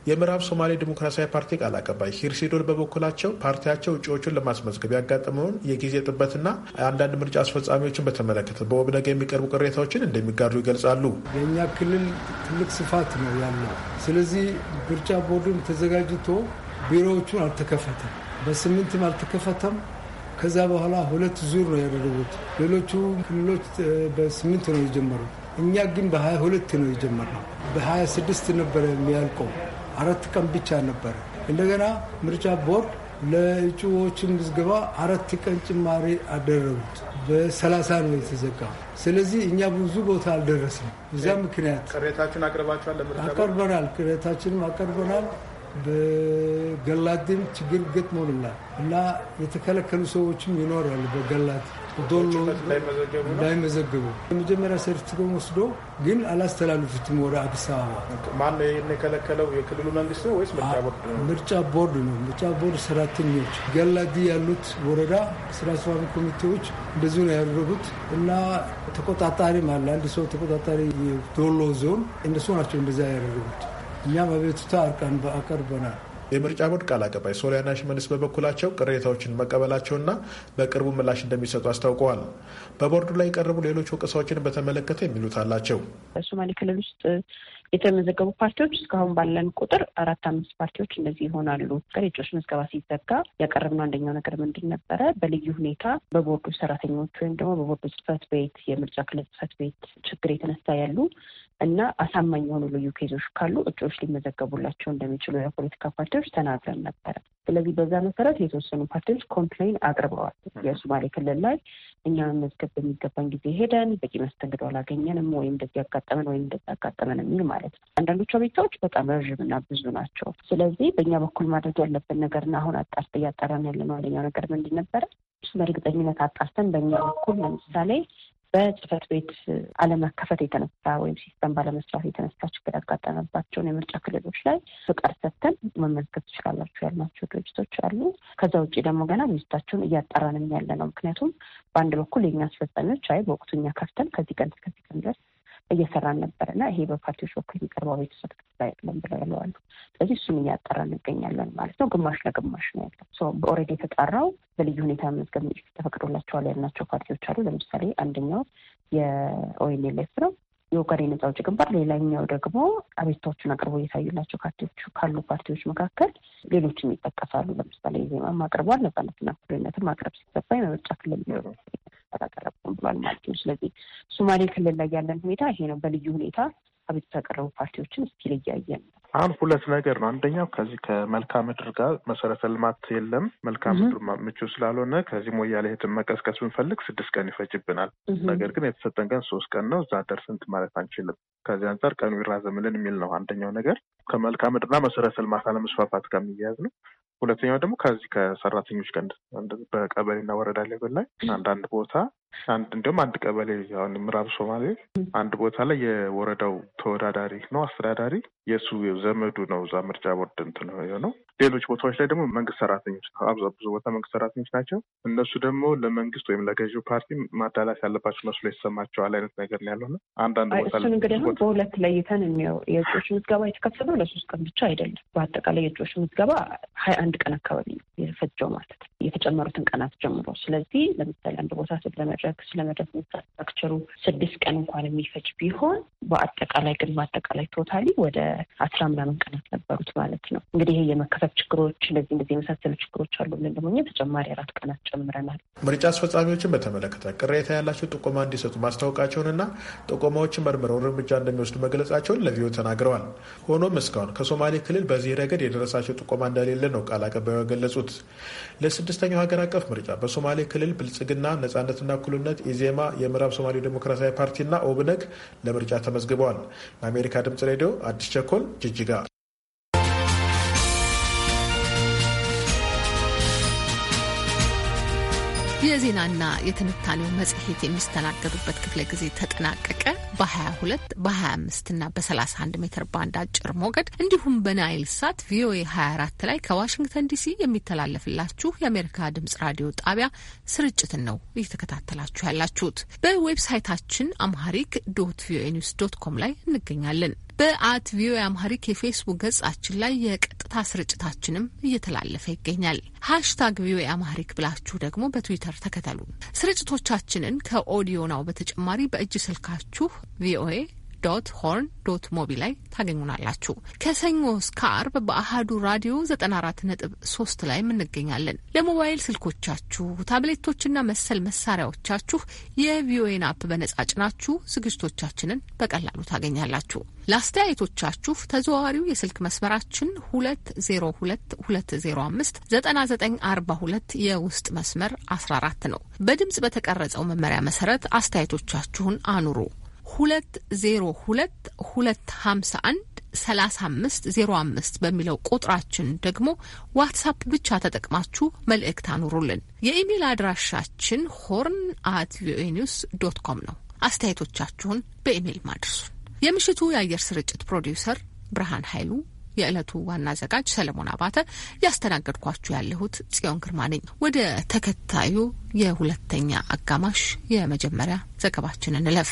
የምዕራብ ሶማሌ ዲሞክራሲያዊ ፓርቲ ቃል አቀባይ ሂርሲዶር በበኩላቸው ፓርቲያቸው እጩዎቹን ለማስመዝገብ ያጋጠመውን የጊዜ ጥበትና አንዳንድ ምርጫ አስፈጻሚዎችን በተመለከተ በኦብነግ የሚቀርቡ ቅሬታዎችን እንደሚጋሩ ይገልጻሉ። የእኛ ክልል ትልቅ ስፋት ነው ያለው። ስለዚህ ምርጫ ቦርዱን ተዘጋጅቶ ቢሮዎቹን አልተከፈተም፣ በስምንትም አልተከፈተም። ከዛ በኋላ ሁለት ዙር ነው ያደረጉት። ሌሎቹ ክልሎች በስምንት ነው የጀመሩት። እኛ ግን በሀያ ሁለት ነው የጀመርነው። በሀያ ስድስት ነበረ የሚያልቀው አራት ቀን ብቻ ነበረ። እንደገና ምርጫ ቦርድ ለእጩዎች ምዝገባ አራት ቀን ጭማሪ አደረጉት። በሰላሳ ነው የተዘጋ። ስለዚህ እኛ ብዙ ቦታ አልደረስም። እዛ ምክንያት ቅሬታችን አቅርባችኋል? አቀርበናል። ቅሬታችንም አቀርበናል። በገላትም ችግር ገጥሞንላል እና የተከለከሉ ሰዎችም ይኖራሉ። በገላት ዶሎ እንዳይመዘግቡ የመጀመሪያ ሰርቲፊኬት ወስዶ ግን አላስተላልፉትም ወደ አዲስ አበባ። ማነው የከለከለው? የክልሉ መንግስት ነው ወይስ ምርጫ ቦርድ ነው? ምርጫ ቦርድ ነው። ምርጫ ቦርድ ሰራተኞች ገላዲ ያሉት ወረዳ ስራ አስፈጻሚ ኮሚቴዎች እንደዚሁ ነው ያደረጉት እና ተቆጣጣሪም አለ አንድ ሰው ተቆጣጣሪ ዶሎ ዞን እነሱ ናቸው እንደዚያ ያደረጉት። እኛም አቤቱታ አቅርበናል። የምርጫ ቦርድ ቃል አቀባይ ሶሊያና ሽመልስ በበኩላቸው ቅሬታዎችን መቀበላቸውና በቅርቡ ምላሽ እንደሚሰጡ አስታውቀዋል። በቦርዱ ላይ የቀረቡ ሌሎች ወቀሳዎችን በተመለከተ የሚሉት አላቸው። በሶማሌ ክልል ውስጥ የተመዘገቡ ፓርቲዎች እስካሁን ባለን ቁጥር አራት አምስት ፓርቲዎች እነዚህ ይሆናሉ። የእጩዎች መዝገባ ሲዘጋ ያቀረብነው አንደኛው ነገር ምንድን ነበረ? በልዩ ሁኔታ በቦርዱ ሰራተኞች ወይም ደግሞ በቦርዱ ጽህፈት ቤት የምርጫ ክልል ጽህፈት ቤት ችግር የተነሳ ያሉ እና አሳማኝ የሆኑ ልዩ ኬዞች ካሉ እጩዎች ሊመዘገቡላቸው እንደሚችሉ የፖለቲካ ፓርቲዎች ተናግረን ነበረ። ስለዚህ በዛ መሰረት የተወሰኑ ፓርቲዎች ኮምፕሌን አቅርበዋል። የሶማሌ ክልል ላይ እኛ መዝገብ በሚገባን ጊዜ ሄደን በቂ መስተንግዶ አላገኘንም ወይም እንደዚህ ያጋጠመን ወይም እንደዚህ ያጋጠመን የሚል ማለት ነው። አንዳንዶቹ አቤቱታዎች በጣም እና ብዙ ናቸው። ስለዚህ በእኛ በኩል ማድረግ ያለብን ነገርና አሁን አጣርተ እያጠራን ያለነው አንደኛው ነገር ምንድን ነበረ? በእርግጠኝነት አጣርተን በእኛ በኩል ለምሳሌ በጽህፈት ቤት አለመከፈት የተነሳ ወይም ሲስተም ባለመስራት የተነሳ ችግር ያጋጠመባቸውን የምርጫ ክልሎች ላይ ፍቃድ ሰጥተን መመልከት ትችላላችሁ ያልናቸው ድርጅቶች አሉ። ከዛ ውጭ ደግሞ ገና ድርጅታቸውን እያጠራንም ያለ ነው። ምክንያቱም በአንድ በኩል የኛ አስፈጻሚዎች አይ በወቅቱ እኛ ከፍተን ከዚህ ቀን እስከዚህ ቀን ድረስ እየሰራን ነበር እና ይሄ በፓርቲዎች በኩል የሚቀርበው ቤተሰብ አይደለም ብለው ያለዋሉ። ስለዚህ እሱም እያጠራ እንገኛለን ማለት ነው። ግማሽ ለግማሽ ነው ያለው። በኦልሬዲ የተጣራው በልዩ ሁኔታ መዝገብ ተፈቅዶላቸዋል ያልናቸው ፓርቲዎች አሉ። ለምሳሌ አንደኛው የኦኤንኤልኤፍ ነው የኦጋዴን ነጻ አውጪ ግንባር፣ ሌላኛው ደግሞ አቤቱታዎቹን አቅርቦ እየታዩላቸው ፓርቲዎች ካሉ ፓርቲዎች መካከል ሌሎችም ይጠቀሳሉ። ለምሳሌ ዜማም አቅርቧል። ነጻነትና ኩሪነትም ማቅረብ ሲገባ የመበጫ ክልል ሀሳብ ብሏል ማለት ነው። ስለዚህ ሶማሌ ክልል ላይ ያለን ሁኔታ ይሄ ነው። በልዩ ሁኔታ አቤቱታ ያቀረቡ ፓርቲዎችን እስኪል እያየን ነው። አሁን ሁለት ነገር ነው። አንደኛው ከዚህ ከመልካ ምድር ጋር መሰረተ ልማት የለም። መልካ ምድር ምቹ ስላልሆነ ከዚህ ሞያሌ እህትን መቀስቀስ ብንፈልግ ስድስት ቀን ይፈጅብናል። ነገር ግን የተሰጠን ቀን ሶስት ቀን ነው። እዛ ደርስንት ማለት አንችልም። ከዚህ አንጻር ቀኑ ይራዘምልን የሚል ነው አንደኛው ነገር። ከመልካ ምድርና መሰረተ ልማት አለመስፋፋት ጋር የሚያያዝ ነው። ሁለተኛው ደግሞ ከዚህ ከሰራተኞች ቀን በቀበሌና ወረዳ ሌቭል ላይ አንዳንድ ቦታ እንዲሁም አንድ ቀበሌ አሁን ምዕራብ ሶማሌ አንድ ቦታ ላይ የወረዳው ተወዳዳሪ ነው አስተዳዳሪ የእሱ ዘመዱ ነው እዛ ምርጫ ቦርድ እንትን ነው የሆነው። ሌሎች ቦታዎች ላይ ደግሞ መንግስት ሰራተኞች አብዛ ብዙ ቦታ መንግስት ሰራተኞች ናቸው። እነሱ ደግሞ ለመንግስት ወይም ለገዢው ፓርቲ ማዳላት ያለባቸው መስሎ የተሰማቸዋል አይነት ነገር ነው ያለው። አንዳንድ ቦታ እሱን እንግዲህ አሁን በሁለት ለይተን የሚው የእጩዎች ምዝገባ የተከፈተው ለሶስት ቀን ብቻ አይደለም። በአጠቃላይ የእጩዎች ምዝገባ ሀያ አንድ ቀን አካባቢ የፈጀው ማለት የተጨመሩትን ቀናት ጀምሮ። ስለዚህ ለምሳሌ አንድ ቦታ ስለመ ለማድረግ ስለመድረክ ኢንፍራስትራክቸሩ ስድስት ቀን እንኳን የሚፈጅ ቢሆን በአጠቃላይ ግን በአጠቃላይ ቶታሊ ወደ አስራ ምናምን ቀናት ነበሩት ማለት ነው። እንግዲህ ይሄ የመከፈት ችግሮች እንደዚህ እንደዚህ የመሳሰሉ ችግሮች አሉ ብለን ደግሞ ተጨማሪ አራት ቀናት ጨምረናል። ምርጫ አስፈጻሚዎችን በተመለከተ ቅሬታ ያላቸው ጥቆማ እንዲሰጡ ማስታወቃቸውንና ጥቆማዎችን መርምረው እርምጃ እንደሚወስዱ መግለጻቸውን ለቪዮ ተናግረዋል። ሆኖም እስካሁን ከሶማሌ ክልል በዚህ ረገድ የደረሳቸው ጥቆማ እንደሌለ ነው ቃል አቀባዩ የገለጹት። ለስድስተኛው ሀገር አቀፍ ምርጫ በሶማሌ ክልል ብልጽግና ነጻነትና እኩልነት፣ ኢዜማ፣ የምዕራብ ሶማሌ ዴሞክራሲያዊ ፓርቲና ኦብነግ ለምርጫ ተመዝግበዋል። ለአሜሪካ ድምጽ ሬዲዮ አዲስ ቸኮል ጅጅጋ የዜናና የትንታኔው መጽሔት የሚስተናገዱበት ክፍለ ጊዜ ተጠናቀቀ። በ22 በ25 እና በ31 ሜትር ባንድ አጭር ሞገድ እንዲሁም በናይል ሳት ቪኦኤ 24 ላይ ከዋሽንግተን ዲሲ የሚተላለፍላችሁ የአሜሪካ ድምጽ ራዲዮ ጣቢያ ስርጭትን ነው እየተከታተላችሁ ያላችሁት። በዌብሳይታችን አምሃሪክ ዶት ቪኦኤ ኒውስ ዶት ኮም ላይ እንገኛለን። በአት ቪኦኤ አምሃሪክ የፌስቡክ ገጻችን ላይ የቀጥታ ስርጭታችንም እየተላለፈ ይገኛል። ሀሽታግ ቪኦኤ አምሃሪክ ብላችሁ ደግሞ በትዊተር ተከተሉ። ስርጭቶቻችንን ከኦዲዮ ናው በተጨማሪ በእጅ ስልካችሁ ቪኦኤ ዶት ሆርን ዶት ሞቢ ላይ ታገኙናላችሁ። ከሰኞ እስከ አርብ በአህዱ ራዲዮ 94.3 ላይ እንገኛለን። ለሞባይል ስልኮቻችሁ ታብሌቶችና መሰል መሳሪያዎቻችሁ የቪኦኤን አፕ በነጻ ጭናችሁ ዝግጅቶቻችንን በቀላሉ ታገኛላችሁ። ለአስተያየቶቻችሁ ተዘዋዋሪው የስልክ መስመራችን 2022059942 የውስጥ መስመር 14 ነው። በድምፅ በተቀረጸው መመሪያ መሰረት አስተያየቶቻችሁን አኑሩ። ሁለት ዜሮ ሁለት ሁለት ሀምሳ አንድ ሰላሳ አምስት ዜሮ አምስት በሚለው ቁጥራችን ደግሞ ዋትሳፕ ብቻ ተጠቅማችሁ መልእክት አኑሩልን። የኢሜል አድራሻችን ሆርን አት ቪኦኤ ኒውስ ዶት ኮም ነው። አስተያየቶቻችሁን በኢሜል ማድርሱን። የምሽቱ የአየር ስርጭት ፕሮዲውሰር ብርሃን ኃይሉ፣ የዕለቱ ዋና አዘጋጅ ሰለሞን አባተ፣ ያስተናገድኳችሁ ያለሁት ጽዮን ግርማ ነኝ። ወደ ተከታዩ የሁለተኛ አጋማሽ የመጀመሪያ ዘገባችንን እለፍ።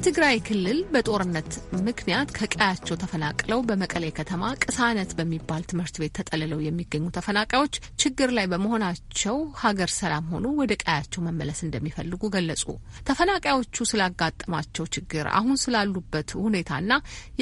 በትግራይ ክልል በጦርነት ምክንያት ከቀያቸው ተፈናቅለው በመቀሌ ከተማ ቅሳነት በሚባል ትምህርት ቤት ተጠልለው የሚገኙ ተፈናቃዮች ችግር ላይ በመሆናቸው ሀገር ሰላም ሆኖ ወደ ቀያቸው መመለስ እንደሚፈልጉ ገለጹ። ተፈናቃዮቹ ስላጋጠማቸው ችግር፣ አሁን ስላሉበት ሁኔታና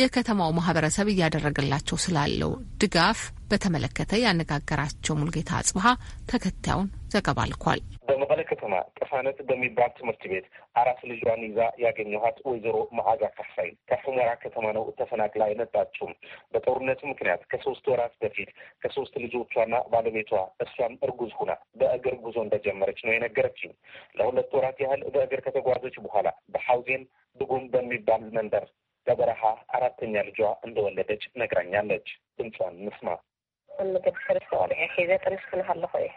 የከተማው ማህበረሰብ እያደረገላቸው ስላለው ድጋፍ በተመለከተ ያነጋገራቸው ሙልጌታ አጽብሀ ተከታዩን ዘገባ ልኳል። በመቀለ ከተማ ቅሳነት በሚባል ትምህርት ቤት አራት ልጇን ይዛ ያገኘኋት ወይዘሮ መዓዛ ካሳይ ከሑመራ ከተማ ነው ተፈናቅላ የመጣችው። በጦርነቱ ምክንያት ከሶስት ወራት በፊት ከሶስት ልጆቿና ባለቤቷ እሷም እርጉዝ ሁና በእግር ጉዞ እንደጀመረች ነው የነገረችኝ። ለሁለት ወራት ያህል በእግር ከተጓዘች በኋላ በሐውዜን ድጉም በሚባል መንደር በበረሃ አራተኛ ልጇ እንደወለደች ነግራኛለች። ድምጿን ምስማ ምግብ ስርሰዋል ሒዘ ጥንሽ ክንሃለኹ እየ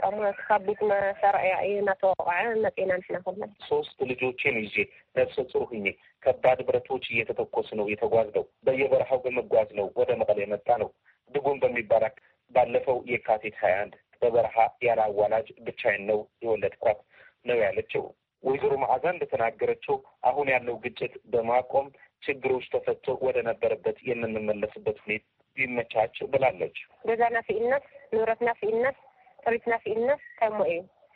ጠርሙስ ከቢድ መሰረያ እየነተወቅዐ መፂና ንሕና ኩለን ሶስት ልጆቼን ይዤ ነፍሰ ጡር ሁኜ ከባድ ብረቶች እየተተኮስ ነው ነው በየበረሃው በመጓዝ ነው ወደ መቀሌ የመጣ ነው። ድጉም በሚባል ባለፈው የካቴት ሀያ አንድ በበረሃ ያለ አዋላጅ ብቻዬን ነው የወለድኳት ነው ያለችው ወይዘሮ መዓዛ እንደተናገረችው አሁን ያለው ግጭት በማቆም ችግሮች ተፈቶ ወደ ነበረበት የምንመለስበት ሁኔታ ይመቻች ብላለች። ገዛና ፊኢነት ንብረትና ፊኢነት ጥሪትና ከሞኤ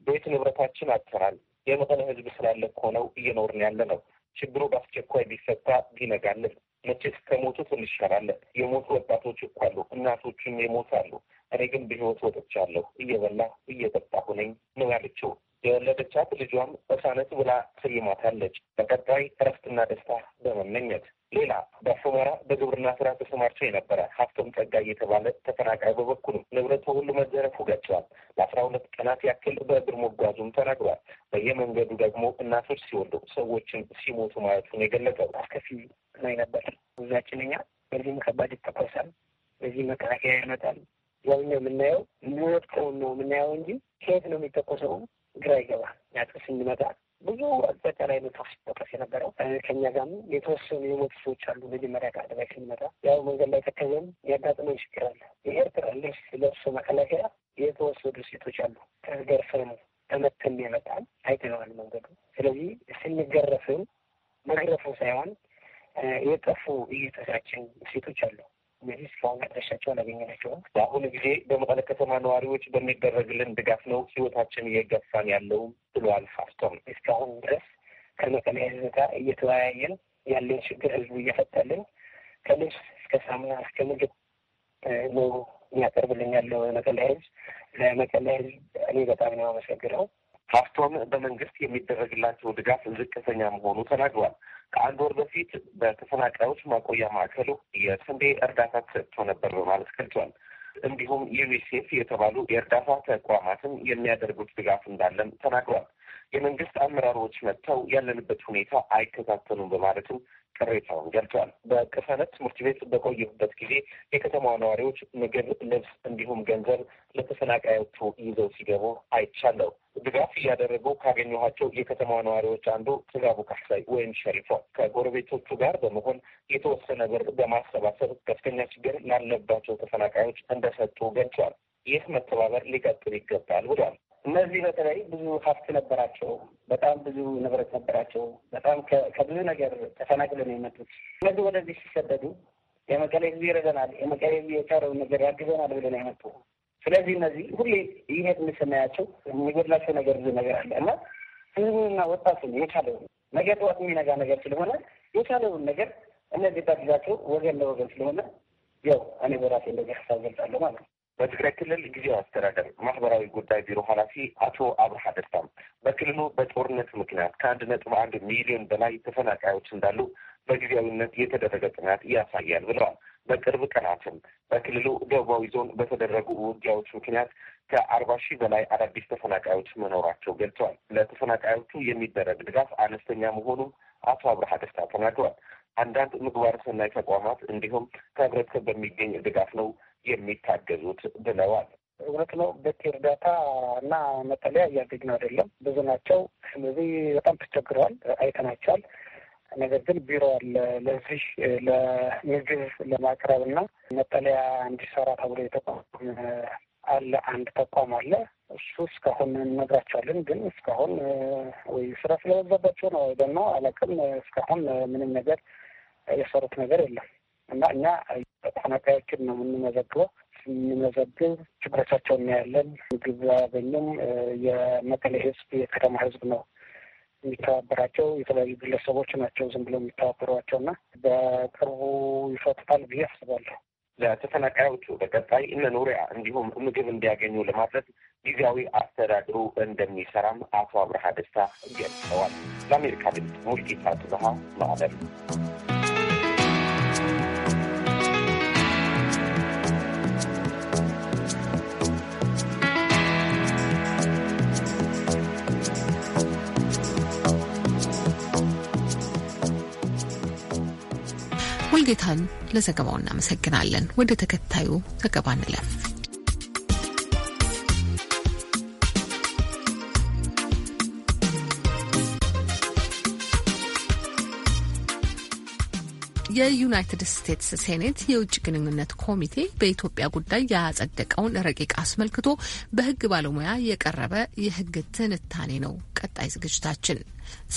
ቤት ንብረታችን አጥተናል። የመቀለ ህዝብ ስላለ እኮ ነው እየኖርን ያለ ነው። ችግሩ በአስቸኳይ ቢፈታ ቢነጋልን። መቼት ከሞቱ እንሻላለን። የሞቱ ወጣቶች እኮ አሉ፣ እናቶችም የሞት አሉ። እኔ ግን በህይወት ወጥቻለሁ። እየበላ እየጠጣሁ ነኝ ነው ያለችው። የወለደቻት ልጇም እሳነት ብላ ስይማታለች። በቀጣይ እረፍትና ደስታ በመመኘት ሌላ በሶመራ በግብርና ስራ ተሰማርቶ የነበረ ሀብቶም ጸጋ እየተባለ ተፈናቃይ በበኩሉ ንብረቱ ሁሉ መዘረፉ ገልጿል። ለአስራ ሁለት ቀናት ያክል በእግር መጓዙም ተናግሯል። በየመንገዱ ደግሞ እናቶች ሲወልዱ ሰዎችን ሲሞቱ ማለቱን የገለጸው አስከፊ ነው ነበር። ጉዟችን እኛ በዚህም ከባድ ይጠቆሳል፣ በዚህ መከላከያ ይመጣል። ያው እኛ የምናየው የሚወድቀውን ነው የምናየው እንጂ ከየት ነው የሚጠቆሰው ግራ ይገባል። ያቅር እንዲመጣ ብዙ አጠቃላይ መጽሐፍ ሲጠቀስ የነበረው ከኛ ጋም የተወሰኑ የሞቱ ሰዎች አሉ። መጀመሪያ ቃል ላይ ስንመጣ ያው መንገድ ላይ ተከዘም ያጋጥመን ችግር አለ። የኤርትራ ልብስ ለብሶ መከላከያ የተወሰዱ ሴቶች አሉ። ከገርፈን ተመተን ይመጣል አይተነዋል መንገዱ። ስለዚህ ስንገረፍን መግረፉ ሳይሆን የጠፉ እየተሳችን ሴቶች አሉ። እነዚህ እስካሁን መድረሻቸውን አላገኘናቸውም። በአሁኑ ጊዜ በመቀለ ከተማ ነዋሪዎች በሚደረግልን ድጋፍ ነው ህይወታችን እየገፋን ያለው ብለዋል ፋስቶም። እስካሁን ድረስ ከመቀለ ህዝብ ጋር እየተወያየን ያለን ችግር ህዝቡ እየፈታልን ከልብስ እስከ ሳሙና እስከ ምግብ ነው የሚያቀርብልን ያለው መቀለ ህዝብ። ለመቀለ ህዝብ እኔ በጣም ነው አመሰግነው። ሀፍቶም በመንግስት የሚደረግላቸው ድጋፍ ዝቅተኛ መሆኑ ተናግሯል። ከአንድ ወር በፊት በተፈናቃዮች ማቆያ ማዕከሉ የስንዴ እርዳታ ተሰጥቶ ነበር በማለት ገልጿል። እንዲሁም ዩኒሴፍ የተባሉ የእርዳታ ተቋማትም የሚያደርጉት ድጋፍ እንዳለም ተናግሯል። የመንግስት አመራሮች መጥተው ያለንበት ሁኔታ አይከታተሉም በማለትም ቅሬታውን ገልጿል። በቅፈነት ትምህርት ቤት በቆየሁበት ጊዜ የከተማዋ ነዋሪዎች ምግብ፣ ልብስ እንዲሁም ገንዘብ ለተፈናቃዮቹ ይዘው ሲገቡ አይቻለሁ። ድጋፍ እያደረጉ ካገኘኋቸው የከተማዋ ነዋሪዎች አንዱ ትጋቡ ካሳይ ወይም ሸሪፎ ከጎረቤቶቹ ጋር በመሆን የተወሰነ ብር በማሰባሰብ ከፍተኛ ችግር ላለባቸው ተፈናቃዮች እንደሰጡ ገልጿል። ይህ መተባበር ሊቀጥል ይገባል ብሏል። እነዚህ በተለይ ብዙ ሀብት ነበራቸው፣ በጣም ብዙ ንብረት ነበራቸው። በጣም ከብዙ ነገር ተፈናቅለን የመጡት እነዚህ ወደዚህ ሲሰደዱ የመቀሌ ህዝብ ይረዘናል፣ የመቀሌ ህዝብ የቻለውን ነገር ያግዘናል ብለን አይመጡ። ስለዚህ እነዚህ ሁሌ ይሄድ ስናያቸው የሚጎድላቸው ነገር ብዙ ነገር አለ እና ህዝቡንና ወጣቱን የቻለውን ነገ ጠዋት የሚነጋ ነገር ስለሆነ የቻለውን ነገር እነዚህ ታግዛቸው ወገን ለወገን ስለሆነ ያው እኔ በራሴ እንደዚህ ሀሳብ ገልጻለሁ ማለት ነው። በትግራይ ክልል ጊዜያዊ አስተዳደር ማህበራዊ ጉዳይ ቢሮ ኃላፊ አቶ አብርሃ ደስታም በክልሉ በጦርነት ምክንያት ከአንድ ነጥብ አንድ ሚሊዮን በላይ ተፈናቃዮች እንዳሉ በጊዜያዊነት የተደረገ ጥናት ያሳያል ብለዋል። በቅርብ ቀናትም በክልሉ ደቡባዊ ዞን በተደረጉ ውጊያዎች ምክንያት ከአርባ ሺህ በላይ አዳዲስ ተፈናቃዮች መኖራቸው ገልጸዋል። ለተፈናቃዮቹ የሚደረግ ድጋፍ አነስተኛ መሆኑም አቶ አብርሃ ደስታ ተናግሯል። አንዳንድ ምግባረ ሰናይ ተቋማት እንዲሁም ከህብረተሰብ በሚገኝ ድጋፍ ነው የሚታገዙት ብለዋል። እውነት ነው። በቂ እርዳታ እና መጠለያ እያገኙ አይደለም፣ ብዙ ናቸው። ስለዚህ በጣም ተቸግረዋል፣ አይተናቸዋል። ነገር ግን ቢሮ አለ ለዚህ ለምግብ ለማቅረብ እና መጠለያ እንዲሰራ ተብሎ የተቋቋመ አለ አንድ ተቋም አለ። እሱ እስካሁን እንነግራቸዋለን፣ ግን እስካሁን ወይ ስራ ስለበዛባቸው ነው ደግሞ አላውቅም። እስካሁን ምንም ነገር የሰሩት ነገር የለም እና እኛ ተፈናቃዮችን ነው የምንመዘግበው። የምንመዘግብ ችግሮቻቸውን እናያለን። ምግብ አያገኙም። የመቀሌ ህዝብ የከተማ ህዝብ ነው የሚተባበራቸው የተለያዩ ግለሰቦች ናቸው ዝም ብለው የሚተባበሯቸው እና በቅርቡ ይፈቱታል ብዬ አስባለሁ። ለተፈናቃዮቹ በቀጣይ መኖሪያ እንዲሁም ምግብ እንዲያገኙ ለማድረግ ጊዜያዊ አስተዳድሩ እንደሚሰራም አቶ አብርሃ ደስታ ገልጸዋል። ለአሜሪካ ድምፅ ሙልጌታ ጽብሃ መቀለ። ሙልጌታን ለዘገባው እናመሰግናለን። ወደ ተከታዩ ዘገባ እንለፍ። የዩናይትድ ስቴትስ ሴኔት የውጭ ግንኙነት ኮሚቴ በኢትዮጵያ ጉዳይ ያጸደቀውን ረቂቅ አስመልክቶ በሕግ ባለሙያ የቀረበ የሕግ ትንታኔ ነው ቀጣይ ዝግጅታችን።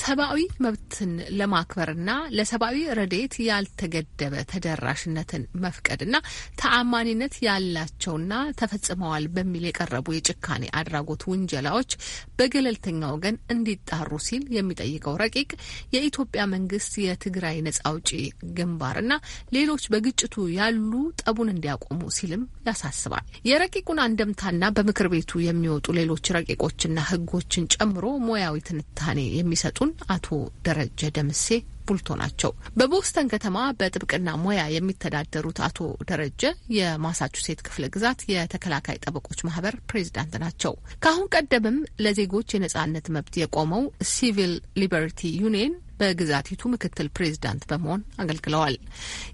ሰብአዊ መብትን ለማክበርና ለሰብአዊ ረዴት ያልተገደበ ተደራሽነትን መፍቀድና ተአማኒነት ያላቸውና ተፈጽመዋል በሚል የቀረቡ የጭካኔ አድራጎት ውንጀላዎች በገለልተኛ ወገን እንዲጣሩ ሲል የሚጠይቀው ረቂቅ የኢትዮጵያ መንግስት የትግራይ ነጻ አውጪ ግንባርና ሌሎች በግጭቱ ያሉ ጠቡን እንዲያቆሙ ሲልም ያሳስባል። የረቂቁን አንደምታና በምክር ቤቱ የሚወጡ ሌሎች ረቂቆችና ህጎችን ጨምሮ ሙያዊ ትንታኔ የሚ የሚሰጡን አቶ ደረጀ ደምሴ ቡልቶ ናቸው። በቦስተን ከተማ በጥብቅና ሙያ የሚተዳደሩት አቶ ደረጀ የማሳቹሴት ክፍለ ግዛት የተከላካይ ጠበቆች ማህበር ፕሬዚዳንት ናቸው። ከአሁን ቀደምም ለዜጎች የነጻነት መብት የቆመው ሲቪል ሊበርቲ ዩኒየን በግዛቲቱ ምክትል ፕሬዚዳንት በመሆን አገልግለዋል።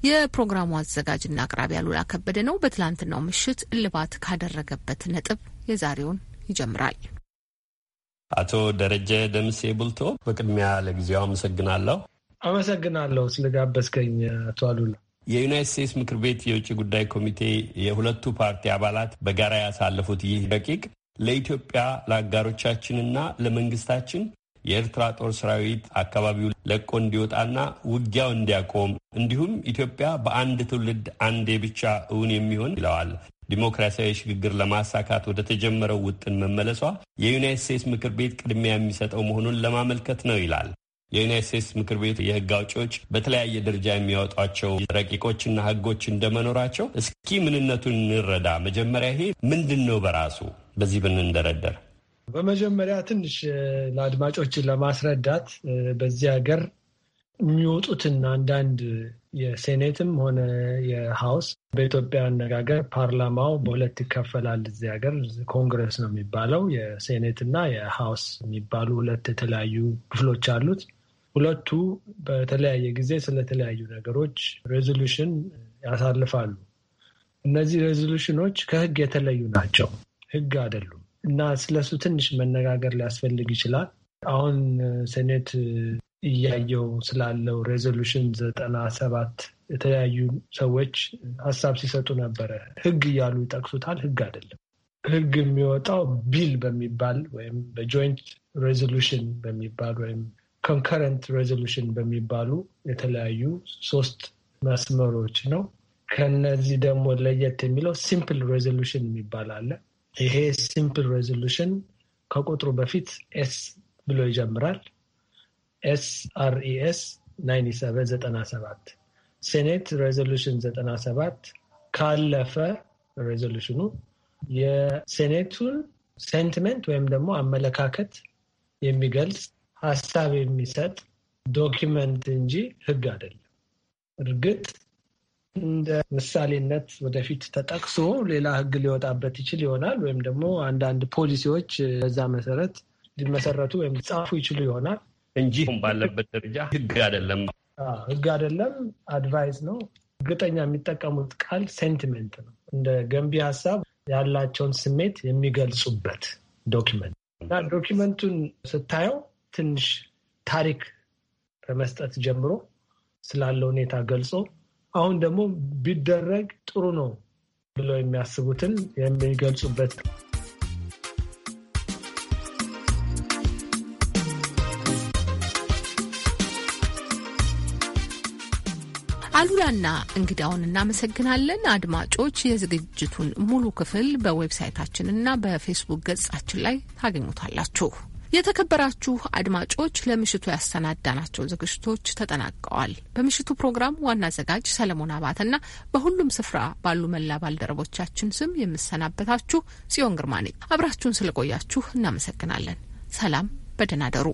የፕሮግራሙ አዘጋጅና አቅራቢ አሉላ ከበደ ነው። በትላንትናው ምሽት እልባት ካደረገበት ነጥብ የዛሬውን ይጀምራል። አቶ ደረጀ ደምሴ ቡልቶ በቅድሚያ ለጊዜው አመሰግናለሁ። አመሰግናለሁ ስለጋበዝከኝ አቶ አሉላ። የዩናይት ስቴትስ ምክር ቤት የውጭ ጉዳይ ኮሚቴ የሁለቱ ፓርቲ አባላት በጋራ ያሳለፉት ይህ ረቂቅ ለኢትዮጵያ ለአጋሮቻችንና ለመንግስታችን የኤርትራ ጦር ሰራዊት አካባቢው ለቆ እንዲወጣና ውጊያው እንዲያቆም እንዲሁም ኢትዮጵያ በአንድ ትውልድ አንዴ ብቻ እውን የሚሆን ይለዋል ዲሞክራሲያዊ ሽግግር ለማሳካት ወደ ተጀመረው ውጥን መመለሷ የዩናይት ስቴትስ ምክር ቤት ቅድሚያ የሚሰጠው መሆኑን ለማመልከት ነው ይላል። የዩናይት ስቴትስ ምክር ቤት የህግ አውጪዎች በተለያየ ደረጃ የሚያወጧቸው ረቂቆችና ህጎች እንደመኖራቸው እስኪ ምንነቱን እንረዳ። መጀመሪያ ይሄ ምንድን ነው በራሱ በዚህ ብንንደረደር። በመጀመሪያ ትንሽ ለአድማጮችን ለማስረዳት በዚህ ሀገር የሚወጡትን አንዳንድ የሴኔትም ሆነ የሀውስ በኢትዮጵያ አነጋገር ፓርላማው በሁለት ይከፈላል። እዚህ ሀገር ኮንግረስ ነው የሚባለው። የሴኔት እና የሀውስ የሚባሉ ሁለት የተለያዩ ክፍሎች አሉት። ሁለቱ በተለያየ ጊዜ ስለተለያዩ ነገሮች ሬዞሉሽን ያሳልፋሉ። እነዚህ ሬዞሉሽኖች ከህግ የተለዩ ናቸው፣ ህግ አይደሉም እና ስለሱ ትንሽ መነጋገር ሊያስፈልግ ይችላል። አሁን ሴኔት እያየው ስላለው ሬዞሉሽን ዘጠና ሰባት የተለያዩ ሰዎች ሀሳብ ሲሰጡ ነበረ። ህግ እያሉ ይጠቅሱታል። ህግ አይደለም። ህግ የሚወጣው ቢል በሚባል ወይም በጆይንት ሬዞሉሽን በሚባል ወይም ኮንከረንት ሬዞሉሽን በሚባሉ የተለያዩ ሶስት መስመሮች ነው። ከነዚህ ደግሞ ለየት የሚለው ሲምፕል ሬዞሉሽን የሚባል አለ። ይሄ ሲምፕል ሬዞሉሽን ከቁጥሩ በፊት ኤስ ብሎ ይጀምራል። ኤስአርኢኤስ 9797 ሴኔት ሬዞሉሽን 97 ካለፈ ሬዞሉሽኑ የሴኔቱን ሴንቲመንት ወይም ደግሞ አመለካከት የሚገልጽ ሀሳብ የሚሰጥ ዶኪመንት እንጂ ህግ አይደለም። እርግጥ እንደ ምሳሌነት ወደፊት ተጠቅሶ ሌላ ህግ ሊወጣበት ይችል ይሆናል ወይም ደግሞ አንዳንድ ፖሊሲዎች በዛ መሰረት ሊመሰረቱ ወይም ሊጻፉ ይችሉ ይሆናል። እንጂ ባለበት ደረጃ ህግ አይደለም፣ ህግ አይደለም፣ አድቫይስ ነው። እርግጠኛ የሚጠቀሙት ቃል ሴንቲሜንት ነው። እንደ ገንቢ ሀሳብ ያላቸውን ስሜት የሚገልጹበት ዶኪመንት እና ዶኪመንቱን ስታየው ትንሽ ታሪክ ከመስጠት ጀምሮ ስላለው ሁኔታ ገልጾ አሁን ደግሞ ቢደረግ ጥሩ ነው ብለው የሚያስቡትን የሚገልጹበት አሉላና እንግዳውን እናመሰግናለን። አድማጮች የዝግጅቱን ሙሉ ክፍል በዌብሳይታችንና በፌስቡክ ገጻችን ላይ ታገኙታላችሁ። የተከበራችሁ አድማጮች ለምሽቱ ያሰናዳናቸው ዝግጅቶች ተጠናቀዋል። በምሽቱ ፕሮግራም ዋና አዘጋጅ ሰለሞን አባተና በሁሉም ስፍራ ባሉ መላ ባልደረቦቻችን ስም የምሰናበታችሁ ጽዮን ግርማ ነኝ። አብራችሁን ስለቆያችሁ እናመሰግናለን። ሰላም፣ በደህና ደሩ።